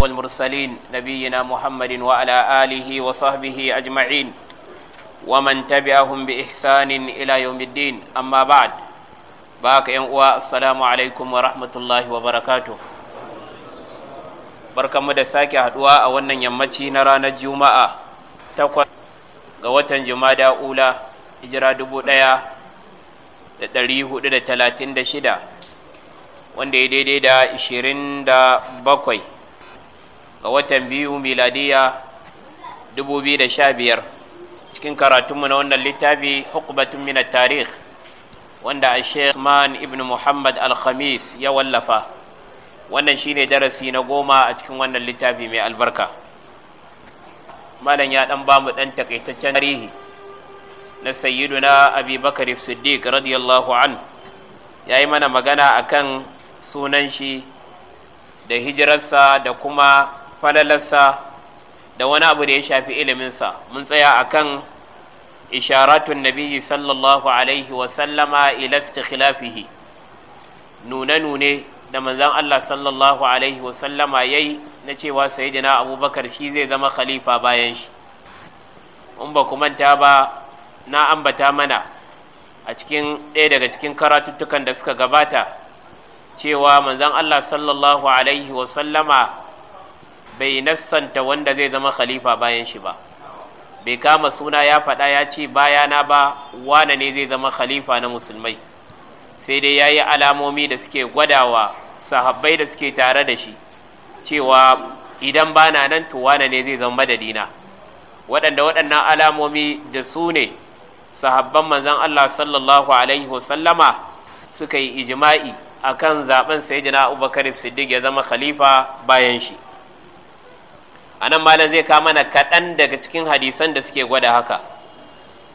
والمرسلين نبينا محمد وعلى آله وصحبه أجمعين ومن تبعهم بإحسان إلى يوم الدين أما بعد باك ينقوى السلام عليكم ورحمة wa وبركاته Barka mu da sake haduwa a wannan yammaci na ranar juma'a takwas ga watan jumada ula hijira dubu ɗaya da dari hudu da talatin da shida wanda ya daidai da bakwai ga watan biyu miladiya biyar, cikin karatunmu na wannan littafi hukubatun mina tarih wanda a Usman ibn muhammad al-khamis ya wallafa wannan shine darasi na goma a cikin wannan littafi mai albarka malam ya dan bamu dan takaitaccen tarihi na sayyiduna abubakar siddiq radiyallahu an yayi mana magana akan sunan shi da hijirarsa da kuma falalarsa da wani abu da ya shafi iliminsa mun tsaya a kan isharatun nabiyyi sallallahu alaihi wasallama ila khilafihi. nune-nune da manzan Allah sallallahu alaihi wasallama ya yi na cewa sayidina abubakar shi zai zama khalifa bayan shi in ba manta ba na ambata mana a cikin ɗaya daga cikin karatuttukan da suka gabata cewa manzon Allah sallallahu alaihi wa sallama bai nassanta wanda zai zama khalifa bayan shi ba bai kama suna ya faɗa ya ce bayana ba wane ne zai zama khalifa na musulmai sai dai ya yi alamomi da suke gwadawa sahabbai da suke tare da shi cewa idan bana nan to wane ne zai zama madadina waɗanda waɗannan alamomi da su ne sahabban manzan Allah sallallahu alaihi sallama suka yi ijima'i akan zaben sayyidina Abubakar Siddiq ya zama khalifa bayan shi anan malam zai kama mana kaɗan daga cikin hadisan da suke gwada haka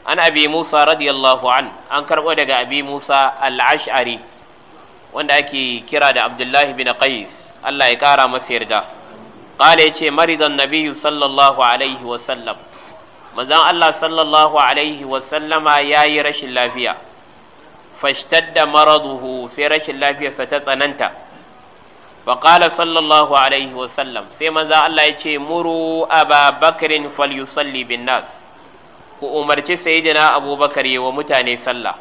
an abi Musa radiyallahu an an karɓo daga abi Musa al-Ash'ari wanda ake kira da Abdullah bin Qais Allah ya kara masa yarda qala yace maridan nabiyyu sallallahu alaihi wa sallam manzon Allah sallallahu alaihi wa sallama yayi rashin lafiya fashtadda maraduhu sai rashin lafiyarsa ta tsananta faƙala sallallahu alaihi wasallam sai manza Allah ya ce muru aba bakarin falyusalli bin nas ku umarci sayidina abubakar yi wa mutane sallah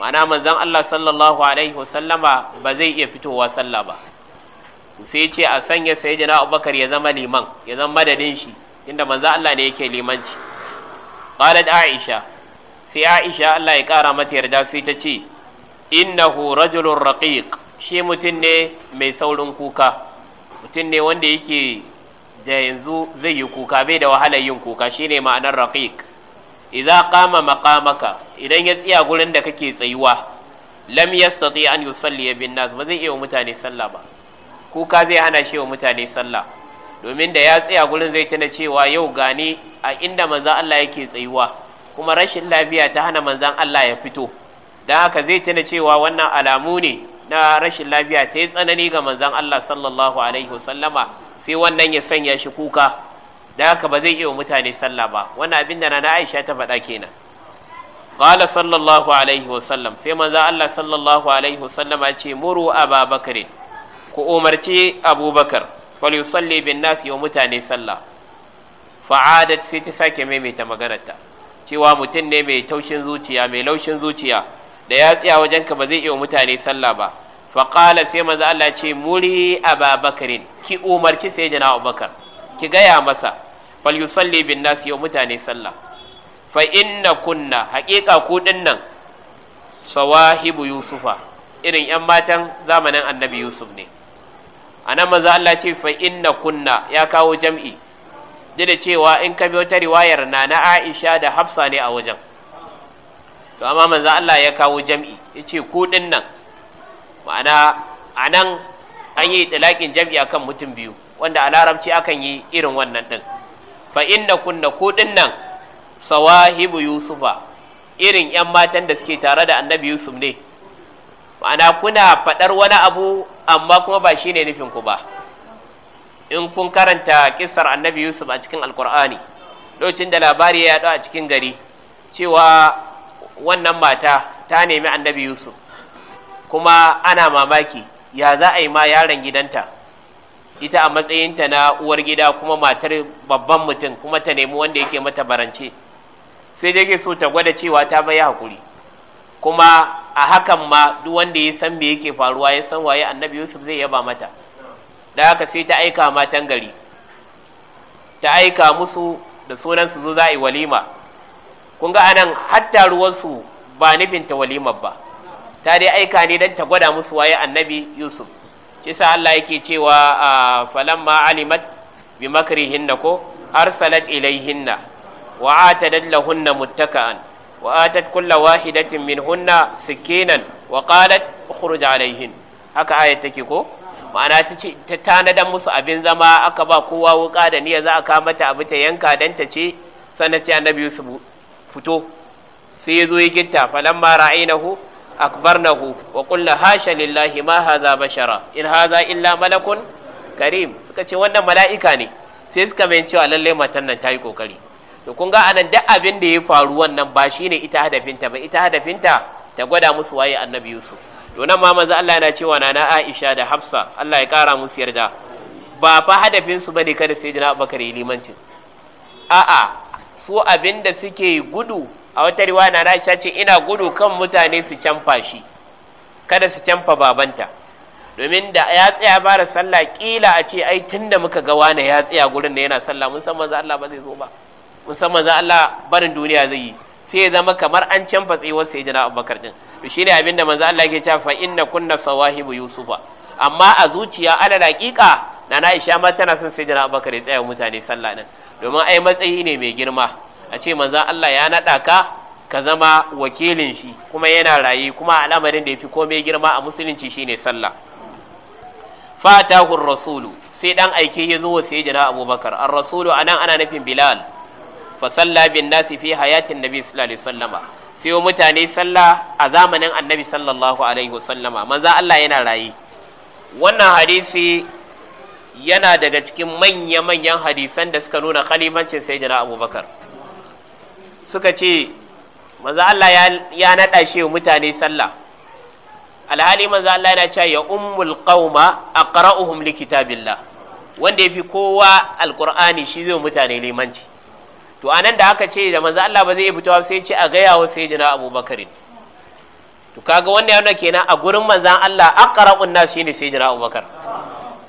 ma'ana manzan Allah sallallahu alaihi wasallama ba zai iya fitowa sallah ba sai ce a sanya sayidina abubakar ya zama liman ya zama madadin shi inda manzan Allah ne yake limanci qalat aisha sai Aisha Allah ya kara mata yarda sai ta ce innahu rajulun raqiq shi mutum ne mai saurin kuka mutum ne wanda yake da yanzu zai yi kuka bai da wahalar yin kuka shine ma'anar raqiq idza qama maqamaka idan ya tsaya gurin da kake tsayuwa lam yastati an yusalli bin nas ba zai iya mutane sallah ba kuka zai hana shi wa mutane sallah domin da ya tsaya gurin zai tana cewa yau gani a inda maza Allah yake tsayuwa kuma rashin lafiya ta hana manzan Allah ya fito Da haka zai tuna cewa wannan alamu ne na rashin lafiya ta yi tsanani ga manzan Allah sallallahu alaihi wasallama sai wannan ya sanya shi kuka Da haka ba zai iya mutane sallah ba wannan abin da na Aisha ta faɗa kenan qala sallallahu alaihi wasallam sai manzan Allah sallallahu alaihi wasallama ce muru ababakar ku umarci abubakar wal yusalli bin nas yau mutane sallah fa'adat sai ta sake maimaita maganarta cewa mutum ne mai taushin zuciya mai laushin zuciya da ya tsaya wajen ka ba zai iya mutane sallah ba faƙala sai manzo Allah ce muri ababakarin ki umarci sai jana abubakar ki gaya masa fal yusalli bin nas yau mutane sallah fa inna kunna haqiqa ku dinnan sawahibu yusufa irin yan matan zamanin annabi yusuf ne anan manzo Allah ce fa inna kunna ya kawo jam'i duk da cewa in ka biyo ta riwayar na na Aisha da Hafsa ne a wajen to amma manzo Allah ya kawo jam'i yace ku din nan ma'ana anan an yi talakin jam'i akan mutum biyu wanda a larabci akan yi irin wannan din fa inna kunna ku din nan sawahibu yusufa irin yan matan da suke tare da annabi yusuf ne ma'ana kuna faɗar wani abu amma kuma ba shine nufin ku ba in kun karanta kisar annabi yusuf a cikin alkur'ani lokacin da labari ya yaɗu a cikin gari cewa wannan mata ta nemi annabi yusuf kuma ana mamaki ya za a yi ma yaron gidanta ita a matsayinta na uwar gida kuma matar babban mutum kuma ta nemi wanda yake mata barance sai dai so ta gwada cewa ta bai hakuri kuma a hakan ma duk wanda ya san me yake faruwa ya san waye annabi yusuf zai yaba mata da aka sai ta aika matan gari ta aika musu da sunan su zo za a yi walima kun ga anan hatta ruwansu ba ta walimar ba ta dai aika ne don ta gwada musu waye annabi yusuf kisa allah yake cewa a falamma alimat bi makrihinna ko arsalat ilaihinna wa atadat lahunna muttaka'an wa atat kulla wahidatin minhunna sikinan wa qalat ukhruj alaihin haka ayat take ko ma'ana ta ce ta tanadan musu abin zama aka ba kowa wuka da niyya za a kawo mata abu ta yanka dan ta ce sannan ce annabi su fito sai ya zo ya gitta falamma ra'aynahu akbarnahu wa qulna hasha lillahi ma hadha bashara in hadha illa malakun karim suka ce wannan mala'ika ne sai suka bayan cewa lallai matan nan ta yi kokari to kun ga anan duk abin da ya faru wannan ba shine ita hadafinta ba ita hadafinta ta gwada musu waye annabi Yusuf to nan ma manzo Allah yana cewa nana Aisha da Hafsa Allah ya kara musu yarda ba fa hadafin su bane kada sai jina Abubakar yi limancin a'a su abinda suke gudu a wata riwaya nana Aisha ce ina gudu kan mutane su canfa shi kada su canfa babanta domin da ya tsaya fara sallah kila a ce ai tunda muka ga wani ya tsaya gurin da yana sallah mun san manzo Allah ba zai zo ba mun san Allah barin duniya zai yi sai ya zama kamar an canfa tsayuwar jina Abubakar din to ne abin da manzo Allah ke cewa fa inna kunna sawahibu yusufa amma a zuciya ala daƙiƙa na Aisha ma tana son sai jira Abubakar ya tsaya mutane sallah din domin ai matsayi ne mai girma a ce manzo Allah ya naɗa ka ka zama wakilin shi kuma yana rayi kuma al'amarin da yafi komai girma a musulunci shine sallah fatahur rasulu sai dan aike ya zo sai jira abubakar ar rasulu anan ana nufin bilal fa salla bin nasi fi hayatin nabi sallallahu alaihi wasallama sai mutane sallah a zamanin annabi sallallahu alaihi wasallama manza Allah yana raye wannan hadisi yana daga cikin manya-manyan hadisan da suka nuna khalifancin sai jana abubakar suka ce manza Allah ya naɗa shi mutane sallah alhali manza Allah yana cewa ya ummul qauma aqra'uhum likitabillah wanda yafi kowa alqur'ani shi zai mutane limanci to anan da aka ce da manzo Allah ba zai iya fitowa sai ce a gaya wa abu Bakari to kaga wannan yana kenan a gurin manzan Allah aqra'un nas shine jina Abubakar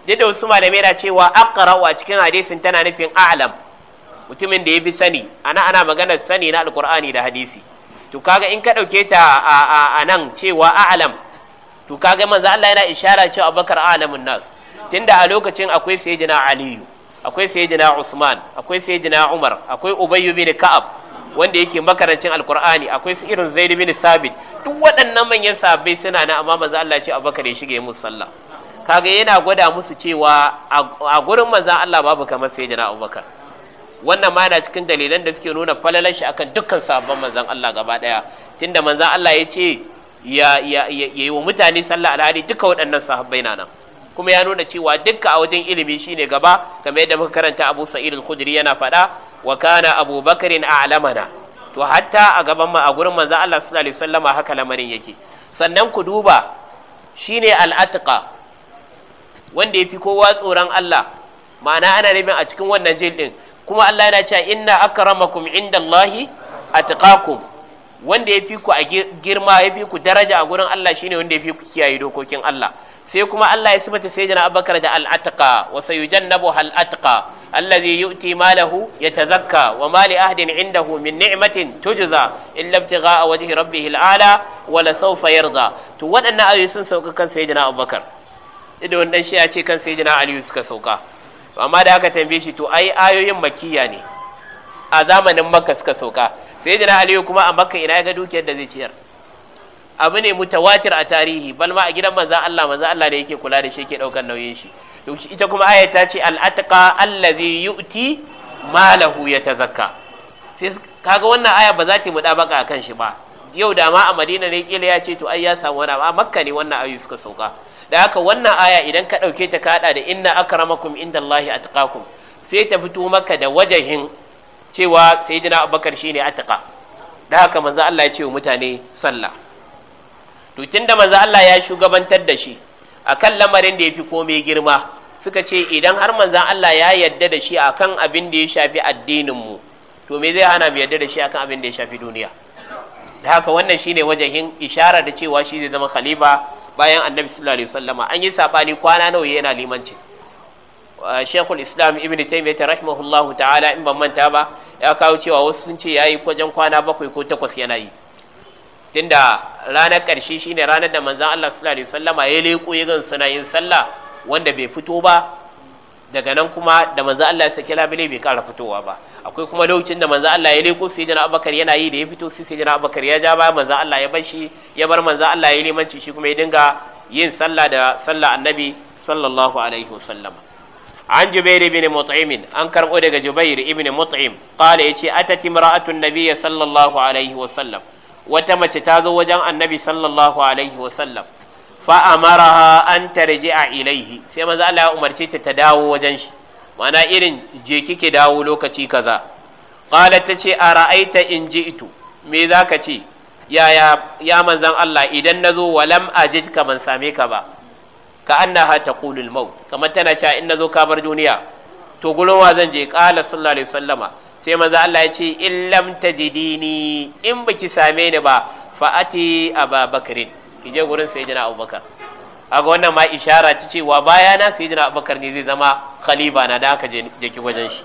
duk da wasu malamai na cewa aqra'u a cikin hadisin tana nufin a'lam mutumin da ya fi sani ana ana maganar sani na alkur'ani da hadisi to kaga in ka ɗauke ta a nan cewa a'lam to kaga manzo Allah yana ishara cewa Bakar a'lamun nas tunda a lokacin akwai sayyidina aliyu akwai sayyidina Usman akwai sayyidina Umar akwai Ubay bin Ka'ab wanda yake makarancin Alkur'ani akwai su irin Zaid bin Sabit duk waɗannan manyan sahabbai suna na amma manzo Allah ce Abubakar ya shige musu sallah kaga yana gwada musu cewa a gurin manzo Allah babu kamar sayyidina Abubakar wannan ma yana cikin dalilan da suke nuna falalan shi akan dukkan sahabban manzon Allah gaba daya tunda manzo Allah ya ce ya yi wa mutane sallah alhali duka waɗannan sahabbai na nan kuma ya nuna cewa dukka a wajen ilimi shine gaba kamar yadda muka karanta Abu Sa'id al-Khudri yana faɗa wa kana Abu Bakr a'lamana to hatta a gaban ma a gurin manzo Allah sallallahu alaihi wasallama haka lamarin yake sannan ku duba shine al-atqa wanda yafi kowa tsoron Allah ma'ana ana nufin a cikin wannan jil din kuma Allah yana cewa inna akramakum indallahi atqakum wanda yafi ku a girma yafi ku daraja a gurin Allah shine wanda yafi ku kiyaye dokokin Allah sai kuma Allah ya sifata sayyidina Abubakar da al wa sayujan al-atqa alladhi yu'ti malahu yatazakka wa ma li ahdin indahu min ni'matin tujza illa ibtigha'a wajhi rabbih al wa la sawfa yarda to waɗannan ayoyi sun sauka kan sayyidina Abubakar idan wannan shi ya ce kan sayyidina Aliyu suka sauka amma da aka tambaye shi to ai ayoyin makkiya ne a zamanin makka suka sauka sayyidina Aliyu kuma a makka ina ya ga dukiyar da zai ciyar abu ne mutawatir a tarihi bal ma a gidan manzan Allah manzan Allah ne yake kula da shi yake daukar nauyin shi ita kuma aya ta ce al'atqa allazi yu'ti malahu yatazakka sai kaga wannan aya ba za ta muda baka akan shi ba yau da ma a Madina ne kila ya ce to ai ya samu wani a Makka ne wannan ayu suka sauka da haka wannan aya idan ka dauke ta ka da inna akramakum indallahi atqakum sai ta fito maka da wajahin cewa sayyidina Abubakar shine atqa da haka manzo Allah ya ce wa mutane sallah to tunda manzo Allah ya shugabantar da shi akan lamarin da ya yafi komai girma suka ce idan har manzan Allah ya yadda da shi akan abin da ya shafi addinin mu to me zai hana mu yadda da shi akan abin da ya shafi duniya da haka wannan shine wajahin ishara da cewa shi zai zama khalifa bayan annabi sallallahu alaihi wasallama an yi sabani kwana nawa yana limanci uh, Sheikhul Islam Ibn Taymiyyah rahimahullahu ta'ala in ban manta ba ya kawo cewa wasu sun ce yayi wajen kwana bakwai ko takwas yana yi tunda ranar ƙarshe shine ranar da manzan Allah sallallahu alaihi wasallama ya leko ya gan suna yin sallah wanda bai fito ba daga nan kuma da manzan Allah ya saki labile bai ƙara fitowa ba akwai kuma lokacin da manzan Allah ya leko sai jana abakar yana yi da ya fito sai jana abakar ya ja ba manzan Allah ya bar shi ya bar manzan Allah ya limanci shi kuma ya dinga yin sallah da sallah annabi sallallahu alaihi wasallama عن جبير بن مطعم عن كرم أدق جبير بن مطعم قال يتي أتت امرأة النبي صلى الله عليه وسلم wata mace ta zo wajen annabi sallallahu alaihi wasallam fa amaraha an a ilaihi sai maza Allah ya umarce ta ta dawo wajen shi mana irin je kike dawo lokaci kaza qalat ta ce ra'aita in ito. me ka ce ya ya manzan Allah idan nazo walam a ka ban same ka ba ka annaha kulul mau. kamar tana cewa in zo ka bar duniya to gurin wa zan je ƙala sallallahu alaihi wasallama sai Maza Allah ya ce in lam tajidini in baki same ni ba fa ati ababakarin ki je gurin sayyidina abubakar aga wannan ma ishara ta cewa bayana sayyidina abubakar ne zai zama khalifa na da aka je ki wajen shi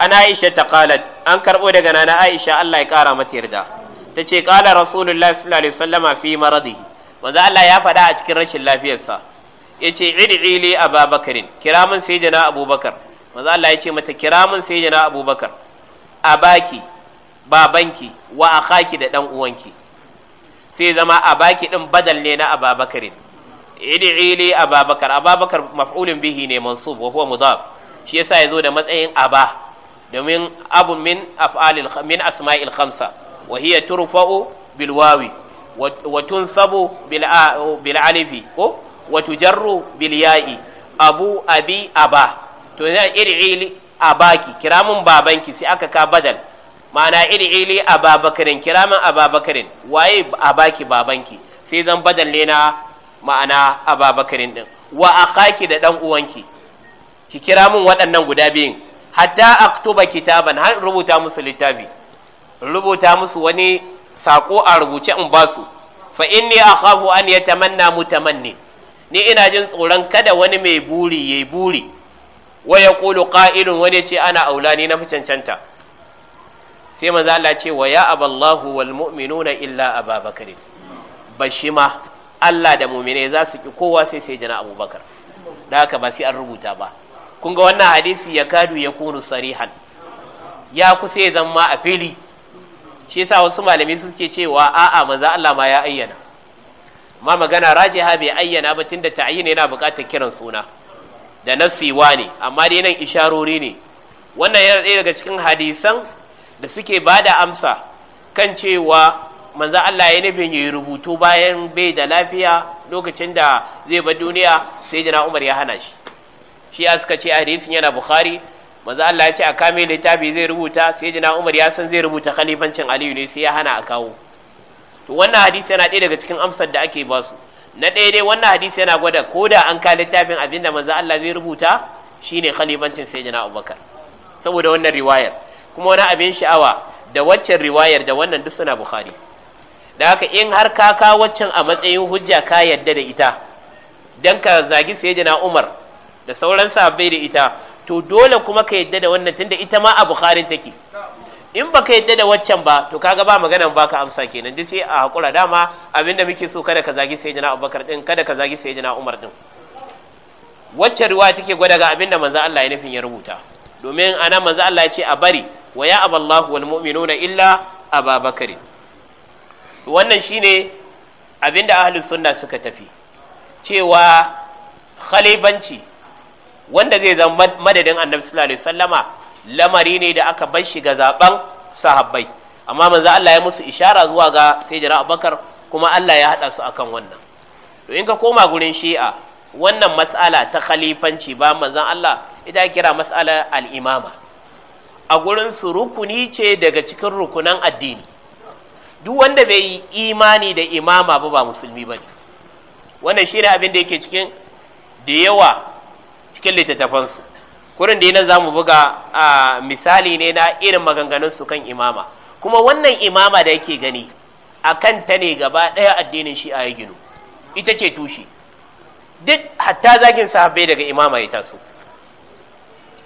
ana aisha ta qalat an karbo daga nana aisha Allah ya kara mata yarda tace qala rasulullahi sallallahu alaihi wasallam fi maradihi manzo Allah ya faɗa a cikin rashin lafiyarsa yace id'i ili ababakarin kira min sayyidina abubakar manzo Allah ya ce mata kira mun sai jana abubakar a baki babanki wa akhaki da dan uwanki sai zama a baki din badal ne na ababakarin id'i ababakar ababakar maf'ulun bihi ne mansub wa huwa mudaf shi yasa zo da matsayin aba domin abu min af'alil min asma'il khamsa wa hiya turfa'u bil wawi wa tunsabu bil bil alifi ko wa tujarru bil ya'i abu abi aba to iri a baki, kira mun babanki sai aka ka badal ma'ana a babakarin kira mun babakarin waye a baki babanki sai zan badal ne na ma'ana a babakarin din wa akhaki da dan uwanki ki kira mun waɗannan guda biyun hatta tuba kitaban har rubuta musu littafi rubuta musu wani sako a rubuce in ba su fa inni akhafu an yatamanna mutamanni ni ina jin tsoron kada wani mai buri yayi buri wa Kulu qa'ilun wani ce ana aulani na fi cancanta sai manzo Allah ce wa ya aballahu wal mu'minuna illa shi ma. Allah da mu'mine za su ki kowa sai sai jana abubakar da haka ba sai an rubuta ba kun ga wannan hadisi ya kadu ya kunu sarihan ya kusa ya zama a fili shi yasa wasu malamai suke cewa a'a manzo Allah ma ya ayyana ma magana rajiha bai ayyana ba tunda ta'ayyana yana buƙatar kiran suna da wa ne amma dai nan isharori ne wannan yana ɗaya daga cikin hadisan da suke ba da amsa kan cewa manzan Allah ya nufin ya yi rubutu bayan bai da lafiya lokacin da zai bar duniya sai jana Umar ya hana shi shi ya suka ce a hadisin yana Bukhari manzan Allah ya ce a kame littafi zai rubuta sai jana Umar ya san zai rubuta khalifancin Aliyu ne sai ya hana a kawo to wannan hadisi yana ɗaya daga cikin amsar da ake ba su na ɗaya dai wannan hadisi yana gwada ko da an ka littafin abin da manzo Allah zai rubuta shine khalifancin sayyidina Abubakar saboda wannan riwayar kuma wani abin sha'awa da waccan riwayar da wannan duk suna Bukhari da haka in har ka ka waccan a matsayin hujja ka yadda da ita dan ka zagi sayyidina Umar da sauran sahabbai da ita to dole kuma ka yadda da wannan tunda ita ma a Bukhari take in ba ka yadda da waccan ba to kaga ba maganan baka amsa kenan dai sai a hakura dama abinda muke so kada ka zagi sayyidina Abubakar din kada ka zagi sayyidina Umar din wacce ruwa take gwada ga abinda manzo Allah ya nufin ya rubuta domin ana manzo Allah ya ce a bari wa ya aballahu wal mu'minuna illa ababakari wannan shine abinda ahlus sunna suka tafi cewa khalibanci wanda zai zama madadin annabi sallallahu alaihi wasallama lamari ne da aka bar shi ga zaben sahabbai amma manzo Allah ya musu ishara zuwa ga sai sayyidina Abubakar kuma Allah ya hada su akan wannan to in ka koma gurin Shi'a wannan mas'ala ta khalifanci ba manzo Allah ita kira mas'ala al-imama a gurin su rukuni ce daga cikin rukunan addini duk wanda bai yi imani da imama ba ba musulmi bane wannan shine abin da yake cikin da yawa cikin littattafansu kurin da za zamu buga a misali ne na irin maganganun su kan imama kuma wannan imama da yake gani akan ta ne gaba ɗaya addinin shi a gino. ita ce tushe duk hatta zagin sahabbai daga imama ya taso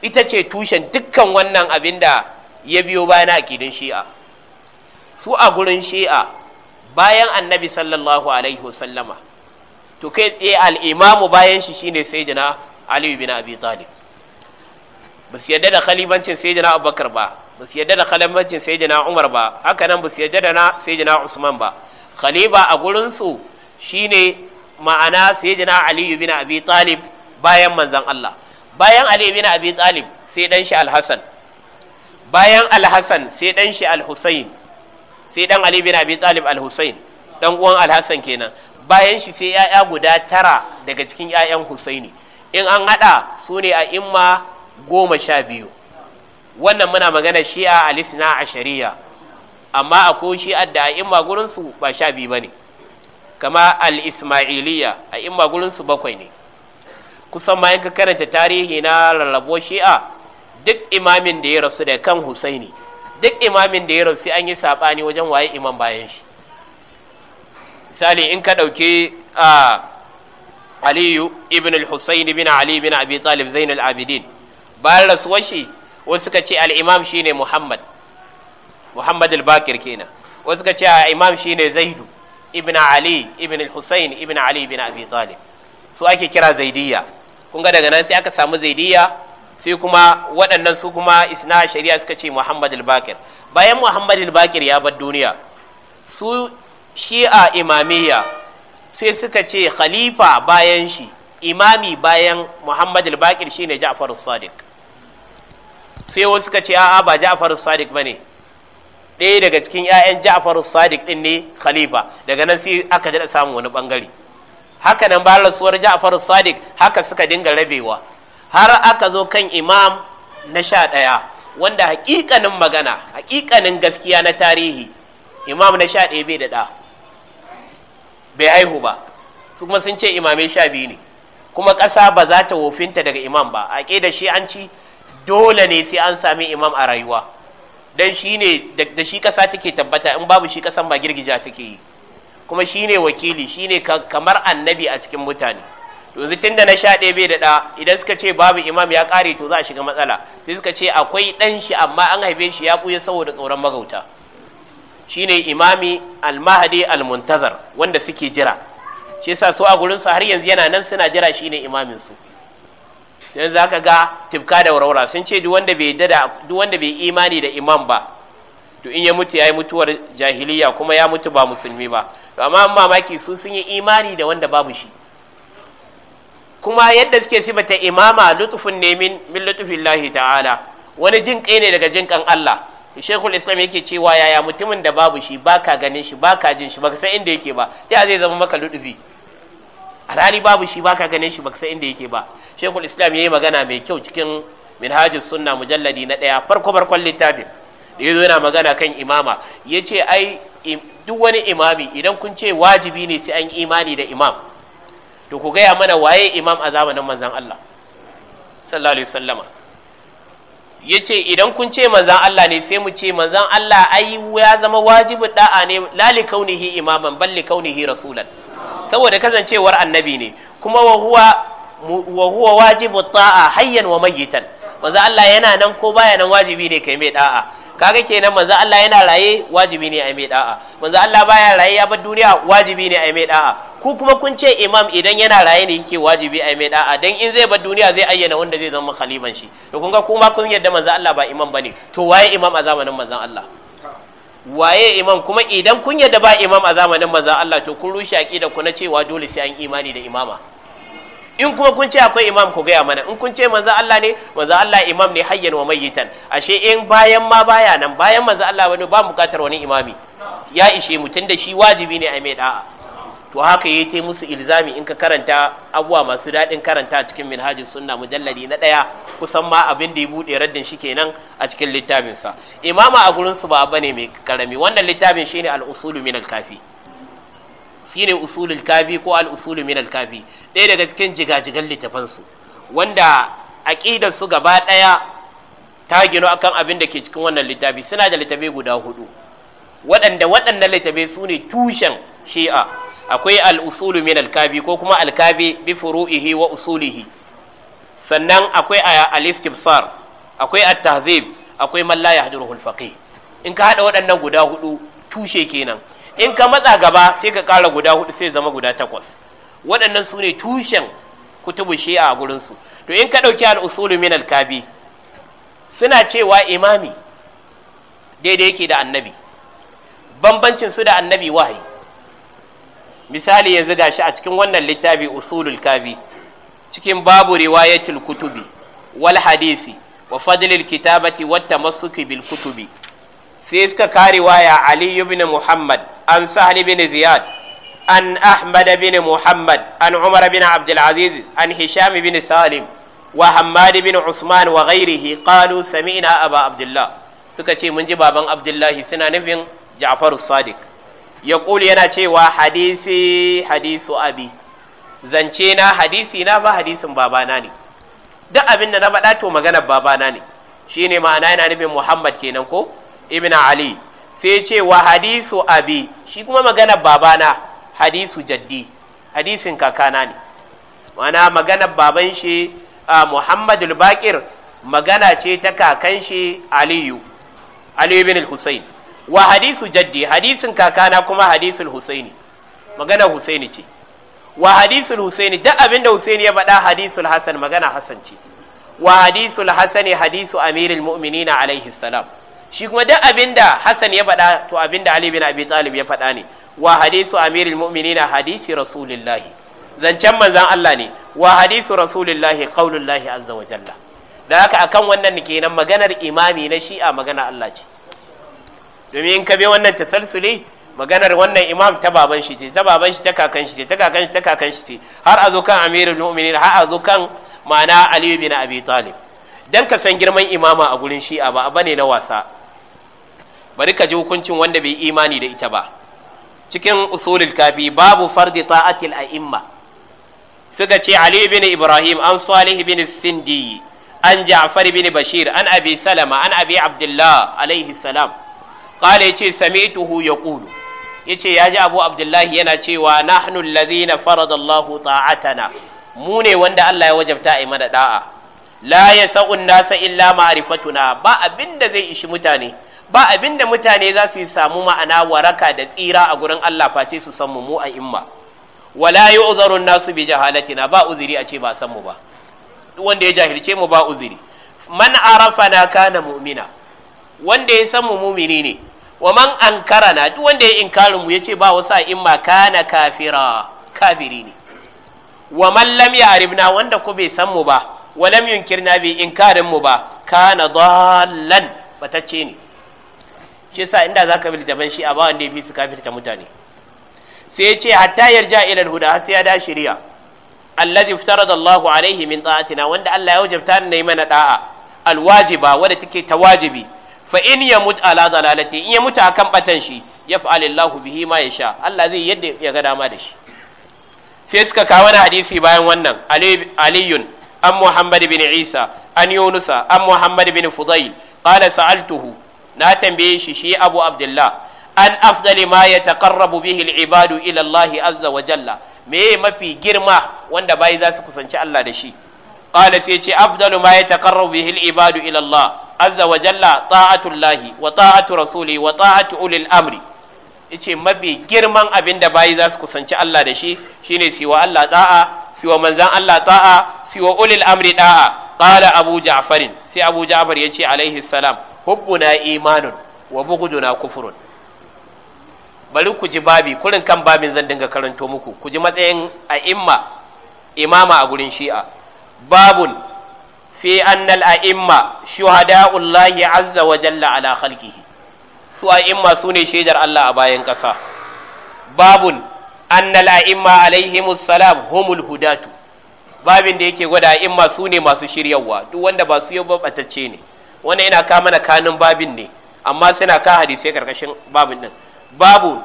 ita ce tushen dukkan wannan abin da ya biyo bayan kidin shi'a su a gurin shi'a bayan annabi sallallahu alaihi wasallama to kai tsaye al'imamu bayan shi shine sayyidina aliyu bin abi talib ba su yadda da khalifancin jina abubakar ba ba su yadda da khalifancin jina umar ba haka nan ba su yadda da na sai jina usman ba khalifa a gurinsu shine ma'ana sai sayyidina ali bin abi talib bayan manzon Allah bayan ali bin abi talib sai dan shi alhasan bayan alhasan sai dan shi alhusain sai dan ali bin abi talib alhusain dan uwan alhasan kenan bayan shi sai ya'ya guda tara daga cikin ya'yan husaini in an hada su ne a imma goma sha biyu wannan muna magana shi'a a lisna a shari'a amma akwai shi'a da a imma gurinsu ba sha biyu ba ne kama al-ismailiyya a imma gurinsu bakwai ne kusan ma ka karanta tarihi na rarrabo shi'a duk imamin da ya rasu da kan husaini duk imamin da ya rasu an yi saɓani wajen waye imam bayan shi misali in ka ɗauki a ah, aliyu ibn al-husaini bin ali bin abi talib zainul abidin bayan rasuwar shi wasu suka ce al'imam shine muhammad muhammad al-bakir kenan wasu suka ce al'imam shine zaidu ibn ali ibn al-husayn ibn ali ibn abi talib su ake kira zaidiyya kun ga daga nan sai aka samu zaidiyya sai kuma waɗannan su kuma isna shari'a suka ce muhammad al-bakir bayan muhammad al-bakir ya bar duniya su shi'a imamiyya sai suka ce khalifa bayan shi imami bayan muhammad al-bakir shine ja'far as-sadiq sai wasu ka ce a'a ba Ja'far as-Sadiq bane ɗaya daga cikin 'ya'yan Ja'far as-Sadiq din ne khalifa daga nan sai aka jira samu wani bangare haka nan bayan rasuwar Ja'far as-Sadiq haka suka dinga rabewa har aka zo kan imam na sha ɗaya wanda hakikanin magana hakikanin gaskiya na tarihi imam na sha ɗaya bai da bai haihu ba su kuma sun ce imamai sha biyu ne kuma ƙasa ba za ta wofinta daga imam ba a da shi an ci dole ne sai an sami imam a rayuwa dan shi ne da shi ƙasa take tabbata in babu shi ƙasan ba girgija take yi kuma shi ne wakili shi ne kamar annabi a cikin mutane yanzu tun da na sha ɗaya bai da ɗa idan suka ce babu imam ya ƙare to za a shiga matsala sai suka ce akwai ɗan shi amma an haife shi ya ɓuya saboda tsoron magauta shi ne imami almahadi almuntazar wanda suke jira shi yasa su a gurinsu har yanzu yana nan suna jira shi ne imaminsu yanzu yanzu zaka ga tifka da warwara sun ce duk wanda bai imani da imam ba to in ya mutu ya yi mutuwar jahiliya kuma ya mutu ba musulmi ba to amma mamaki su sun yi imani da wanda babu shi kuma yadda suke sifata imama lutufin ne min lutufin lahi ta'ala wani jin kai ne daga jin kan Allah shekul islam yake cewa yaya mutumin da babu shi baka ganin shi baka jin shi baka san inda yake ba ta zai zama maka lutufi alhali babu shi baka ganin shi baka san inda yake ba shekul islam yayi magana mai kyau cikin minhajus sunna mujalladi na ɗaya. farko farkon littafin da yazo yana magana kan imama yace ai duk wani imami idan kun ce wajibi ne sai an imani da imam to ku gaya mana waye imam a zamanin manzon Allah sallallahu alaihi wasallama yace idan kun ce manzan Allah ne sai mu ce manzan Allah ai ya zama wajibin da'a ne lalikaunihi imaman balli kaunihi rasulan saboda kasancewar annabi ne kuma wa huwa wajibu ta'a hayyan wa mayyitan manzo Allah yana nan ko baya nan wajibi ne kai mai da'a kaga kenan manzo Allah yana raye wajibi ne ai mai da'a manzo Allah baya raye ya bar duniya wajibi ne ai mai da'a ku kuma kun ce imam idan yana raye ne yake wajibi ai mai da'a dan in zai bar duniya zai ayyana wanda zai zama khaliban shi to kun ga kuma kun yadda manzo Allah ba imam bane to waye imam a zamanin manzo Allah waye imam kuma idan kun yarda ba imam a zamanin manzan Allah to kun rushe aqida ku na cewa dole sai an imani da imama in kuma kun ce akwai imam ku gaya mana in kun ce manzo Allah ne manzo Allah imam ne hayyan wa mayyitan ashe in bayan ma baya nan bayan manzan Allah wani ba bukatar wani imami ya ishe mutum da shi wajibi ne a mai da'a to haka yi ta musu ilzami in ka karanta abuwa masu daɗin karanta a cikin minhajin sunna mujalladi na ɗaya kusan ma abin da ya buɗe raddin shi kenan a cikin littafin imama a gurin su ba bane mai karami wannan littafin shine al-usulu min al-kafi shine usulul kafi ko al-usulu min al-kafi ɗaya daga cikin jigajigan littafan su wanda aqidar su gaba ɗaya ta gino akan abin da ke cikin wannan littafi suna da littafi guda hudu waɗanda waɗannan littafai su ne tushen shi'a akwai al-usulu min al ko kuma al-kabi bi furu'ihi wa usulihi sannan akwai al-istibsar akwai at-tahzib akwai man la yahduruhu al in ka haɗa waɗannan guda hudu tushe kenan in ka matsa gaba sai ka ƙara guda hudu sai zama guda takwas waɗannan sune ne tushen kutubu shi'a a gurinsu to in ka ɗauki al'usulu min al suna cewa imami daidai yake da annabi bambancin su da annabi wahayi misali yanzu gashi a cikin wannan littafi usulul kafi cikin babu riwayatul kutubi wal hadisi wa fadlil kitabati wat tamassuki bil kutubi sai suka kare waya Ali ibn Muhammad an Sahal ibn Ziyad an Ahmad ibn Muhammad an Umar ibn al Aziz an Hisham ibn Salim wa Hammad ibn Usman wa ghairihi qalu sami'na Aba Abdullah suka ce mun ji baban Abdullahi suna nufin Ja'far as-Sadiq ya ƙuli yana cewa hadisi hadisu abi zance na hadisi na ba hadisin babana ne duk abin da na faɗa to maganar babana ne Shi ne ma'ana yana nufin muhammad kenan ko ibn ali sai ce wa hadisu abi shi kuma maganar babana hadisu jaddi hadisin kakana ne ma'ana maganar baban shi a muhammadul bakir magana ce ta kakan shi aliyu aliyu bin al-husayn wa hadisu jaddi hadisin kakana kuma hadisul husaini magana husaini ce wa hadisul husaini duk abinda husaini ya faɗa hadisul hasan magana hasan ce wa hadisul hasani hadisu amirul mu'minin alaihi salam shi kuma duk abinda hasan ya faɗa to abinda ali bin abi talib ya faɗa ne wa hadisu amirul mu'minin hadisi rasulillahi zancen manzan Allah ne wa hadisu rasulillahi qaulullahi azza wa jalla da haka akan wannan kenan maganar imami na shi'a magana Allah ce domin in ka bi wannan tasalsuli maganar wannan imam ta baban shi ce ta baban shi ta kakan shi ce ta kakan shi ta kakan shi ce har a zo kan amirul mu'minin har a kan ma'ana aliyu bin abi talib dan ka san girman imama a gurin shi'a ba bane na wasa bari ka ji hukuncin wanda bai imani da ita ba cikin usulul kafi babu fardi ta'atil a'imma suka ce ali bin ibrahim an salih bin sindi an ja'far bin bashir an abi salama an abi abdullah alaihi salam qala yace sami'tuhu yaqulu yace ya ji abu abdullahi yana cewa nahnu alladhina faradallahu ta'atana mu ne wanda Allah ya wajabta a yi mana da'a la yasa'un nasa illa ma'rifatuna ba abinda zai ishi mutane ba abinda mutane za su samu ma'ana waraka da tsira a gurin Allah face su san mu mu a imma wala yu'zaru nasu bi jahalatina ba uzuri a ce ba san mu ba wanda ya jahilce mu ba uzuri man arafana kana mu'mina wanda ya san mu mumini ne wa man na, duk wanda ya inkarin mu ce ba wasu a'imma kana kafira kafiri ne wa man lam ya'rifna wanda ko bai san mu ba wa lam yunkirna bi inkarin mu ba kana dallan fatacce ne shi yasa inda zaka bi littafin shi a ba wanda ya bi su kafirta mutane sai ya ce hatta yarja ila huda a sai ya da shari'a allazi iftarada Allahu alaihi min ta'atina wanda Allah ya wajabta ne mana da'a alwajiba wadda take ta wajibi fa in mutu ala dalalati in ya mutu a kan batan shi yaf'alillahu bihi ma ya sha. Allah zai yadda ya ga dama da shi sai suka kawo wani hadisi bayan wannan aliyun an muhammad bin isa an yunusa an muhammad bin fudail qala sa'altuhu na tambaye shi shi abu abdullah an afdali ma ya taqarrabu bihi al-ibadu ila Allah azza wa jalla me mafi girma wanda baya za su kusanci Allah da shi qala sai ce afdalu ma yataqarrabu bihi al-ibadu ila Allah azza wa jalla ta'atu Allah wa ta'atu rasuli wa ta'atu ulil amri yace mabi girman abin da bayi za kusanci Allah da shi shine siwa Allah da'a siwa manzan Allah da'a siyo ulil amri da'a Abuja a farin. sai abu ja'far yace alaihi salam hubbuna imanun wa na kufrun bari ku ji babi kurin kan babin zan dinga karanto muku ku ji matsayin a'imma imama a gurin shi'a babun fi annal a'imma shuhada'ullahi azza wa jalla ala khalqihi su a'imma ne shaidar Allah a bayan kasa. babun annal a'imma alaihimus salam humul hudatu babin da yake gwada a'imma ne masu shiryawa duk wanda ba su yi batacce ne wanda ina ka mana kanun babin ne amma suna ka hadisai karkashin babin din babu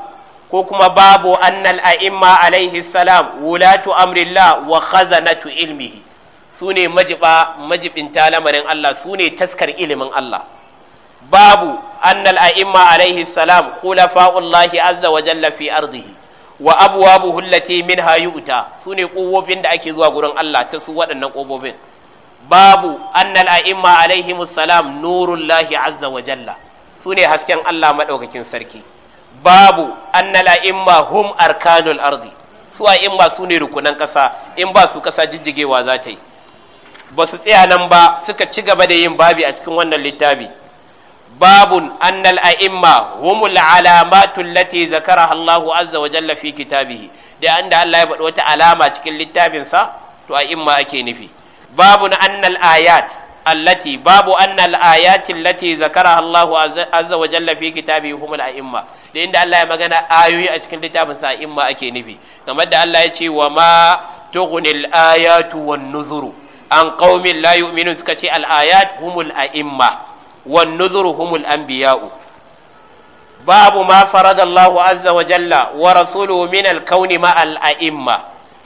ko kuma babu annal a'imma alaihi salam wulatu amrillah wa khazanatu ilmihi su ne majibinta lamarin Allah su ne taskar ilimin Allah babu annal a'imma alaihi salam khulafa'ullahi azza wa jalla fi ardihi wa abwabuhu allati min hayuta. su ne da ake zuwa gurin Allah ta su waɗannan kofofin babu annal a'imma alaihi salam nurullahi azza wa jalla su ne hasken Allah madaukakin sarki babu annal a'imma hum arkanul arzi su a'imma su ne rukunan ƙasa in ba su ƙasa jijjigewa za ta yi ba su tsaya nan ba suka ci gaba da yin babi a cikin wannan littafi babun annal a'imma humul alamatu allati zakara, Allah azza wa jalla fi kitabihi da anda Allah ya faɗi wata alama cikin littafin sa to a'imma ake nufi babun annal ayat allati babu annal ayat, allati zakara, Allah azza wa jalla fi kitabihi humul a'imma da inda Allah ya magana ayoyi a cikin littafin sa a'imma ake nufi kamar da Allah ya ce wa ma tughnil ayatu wan nuzuru an qaumin la yu'minun suka ce al-ayat humul a'imma wan nuzur humul anbiya'u babu ma farada Allahu azza wa jalla wa rasuluhu min al-kauni ma al-a'imma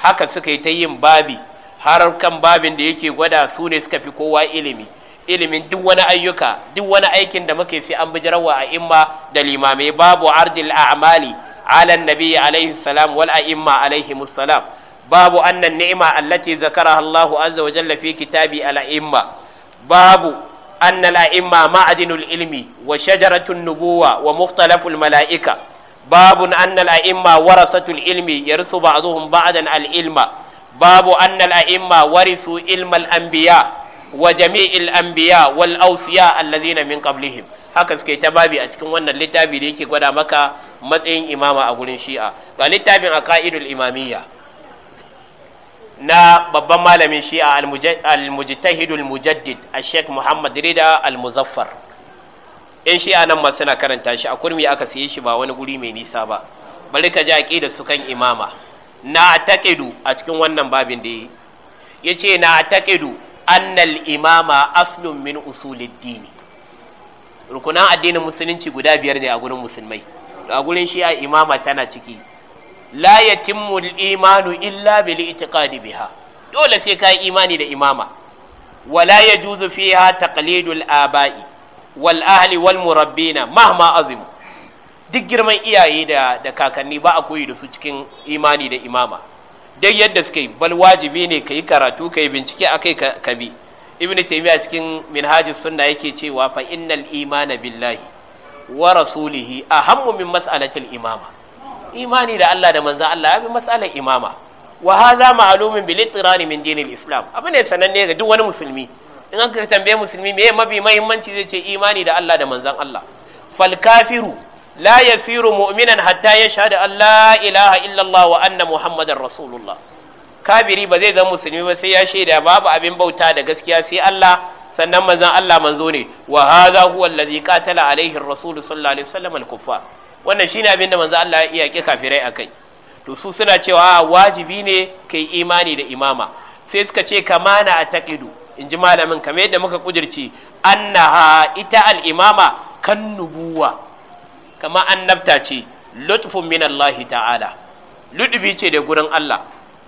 haka suka yi ta yin babi har kan babin da yake gwada su ne suka fi kowa ilimi ilimin duk wani ayyuka duk wani aikin da muke sai an bijirawa a imma da limamai babu ardil a'mali ala nabi alaihi salam wal a'imma alaihi musallam babu annan ni'ima allati zakara Allah azza wa jalla fi kitabi al-a'imma babu anna al-a'imma ma'adinul ilmi wa shajaratun nubuwa wa mukhtalaful mala'ika babu anna al-a'imma warasatul ilmi yarsu ba'dhum ba'dan al-ilma babu anna al-a'imma warisu ilma al-anbiya wa jami'il anbiya wal awsiya alladhina min qablihim haka suke ta babi a cikin wannan littafi da yake gwada maka matsayin imama a gurin shi'a ga littafin aqaidul imamiyya na babban malamin shi'a al-mujtahidul mujaddid a sheikh muhammad rida al-muzaffar yan shi'a nan masu na karanta shi a kurmi aka siye shi ba wani guri mai nisa ba bari ka ji aqida su kan imama na taqidu a cikin wannan babin da ya yace na taqidu annal imama aslun min usulid dini rukunan addinin musulunci guda biyar ne a gurin musulmai a gurin shi'a imama tana ciki la yatimmu al-imanu illa bil i'tiqadi biha dole sai ka yi imani da imama wala yajuzu fiha taqlidul aba'i wal ahli wal murabbina mahma azim duk girman iyaye da da kakanni ba a koyi da su cikin imani da imama dai yadda suke bal wajibi ne ka karatu ka bincike akai ka bi ibn taymiya cikin minhajus sunna yake cewa fa innal imana billahi wa rasulihi ahammu min mas'alatil imama imani da Allah da manzan Allah ya fi matsalar imama wa hadha ma'lumin bil min dinil islam abu ne sananne ga duk wani musulmi in an ka tambaye musulmi me mafi muhimmanci zai ce imani da Allah da manzan Allah fal kafiru la yasiru mu'minan hatta yashhadu an la ilaha illallah wa anna muhammadar rasulullah kafiri ba zai zama musulmi ba sai ya shaida babu abin bauta da gaskiya sai Allah sannan manzan Allah manzo ne wa hadha huwa allazi qatala alaihi ar-rasul sallallahu alaihi wasallam al-kuffar wannan shine abin da manzo Allah ya iya ke kafirai akai to su suna cewa ah, wajibi ne kai imani da imama sai suka ce kama na ataqidu in ji malamin kamar yadda muka kudirce annaha ita al-imama kan nubuwa kama annabta ce lutfun min Allah ta'ala ludubi ce da gurin Allah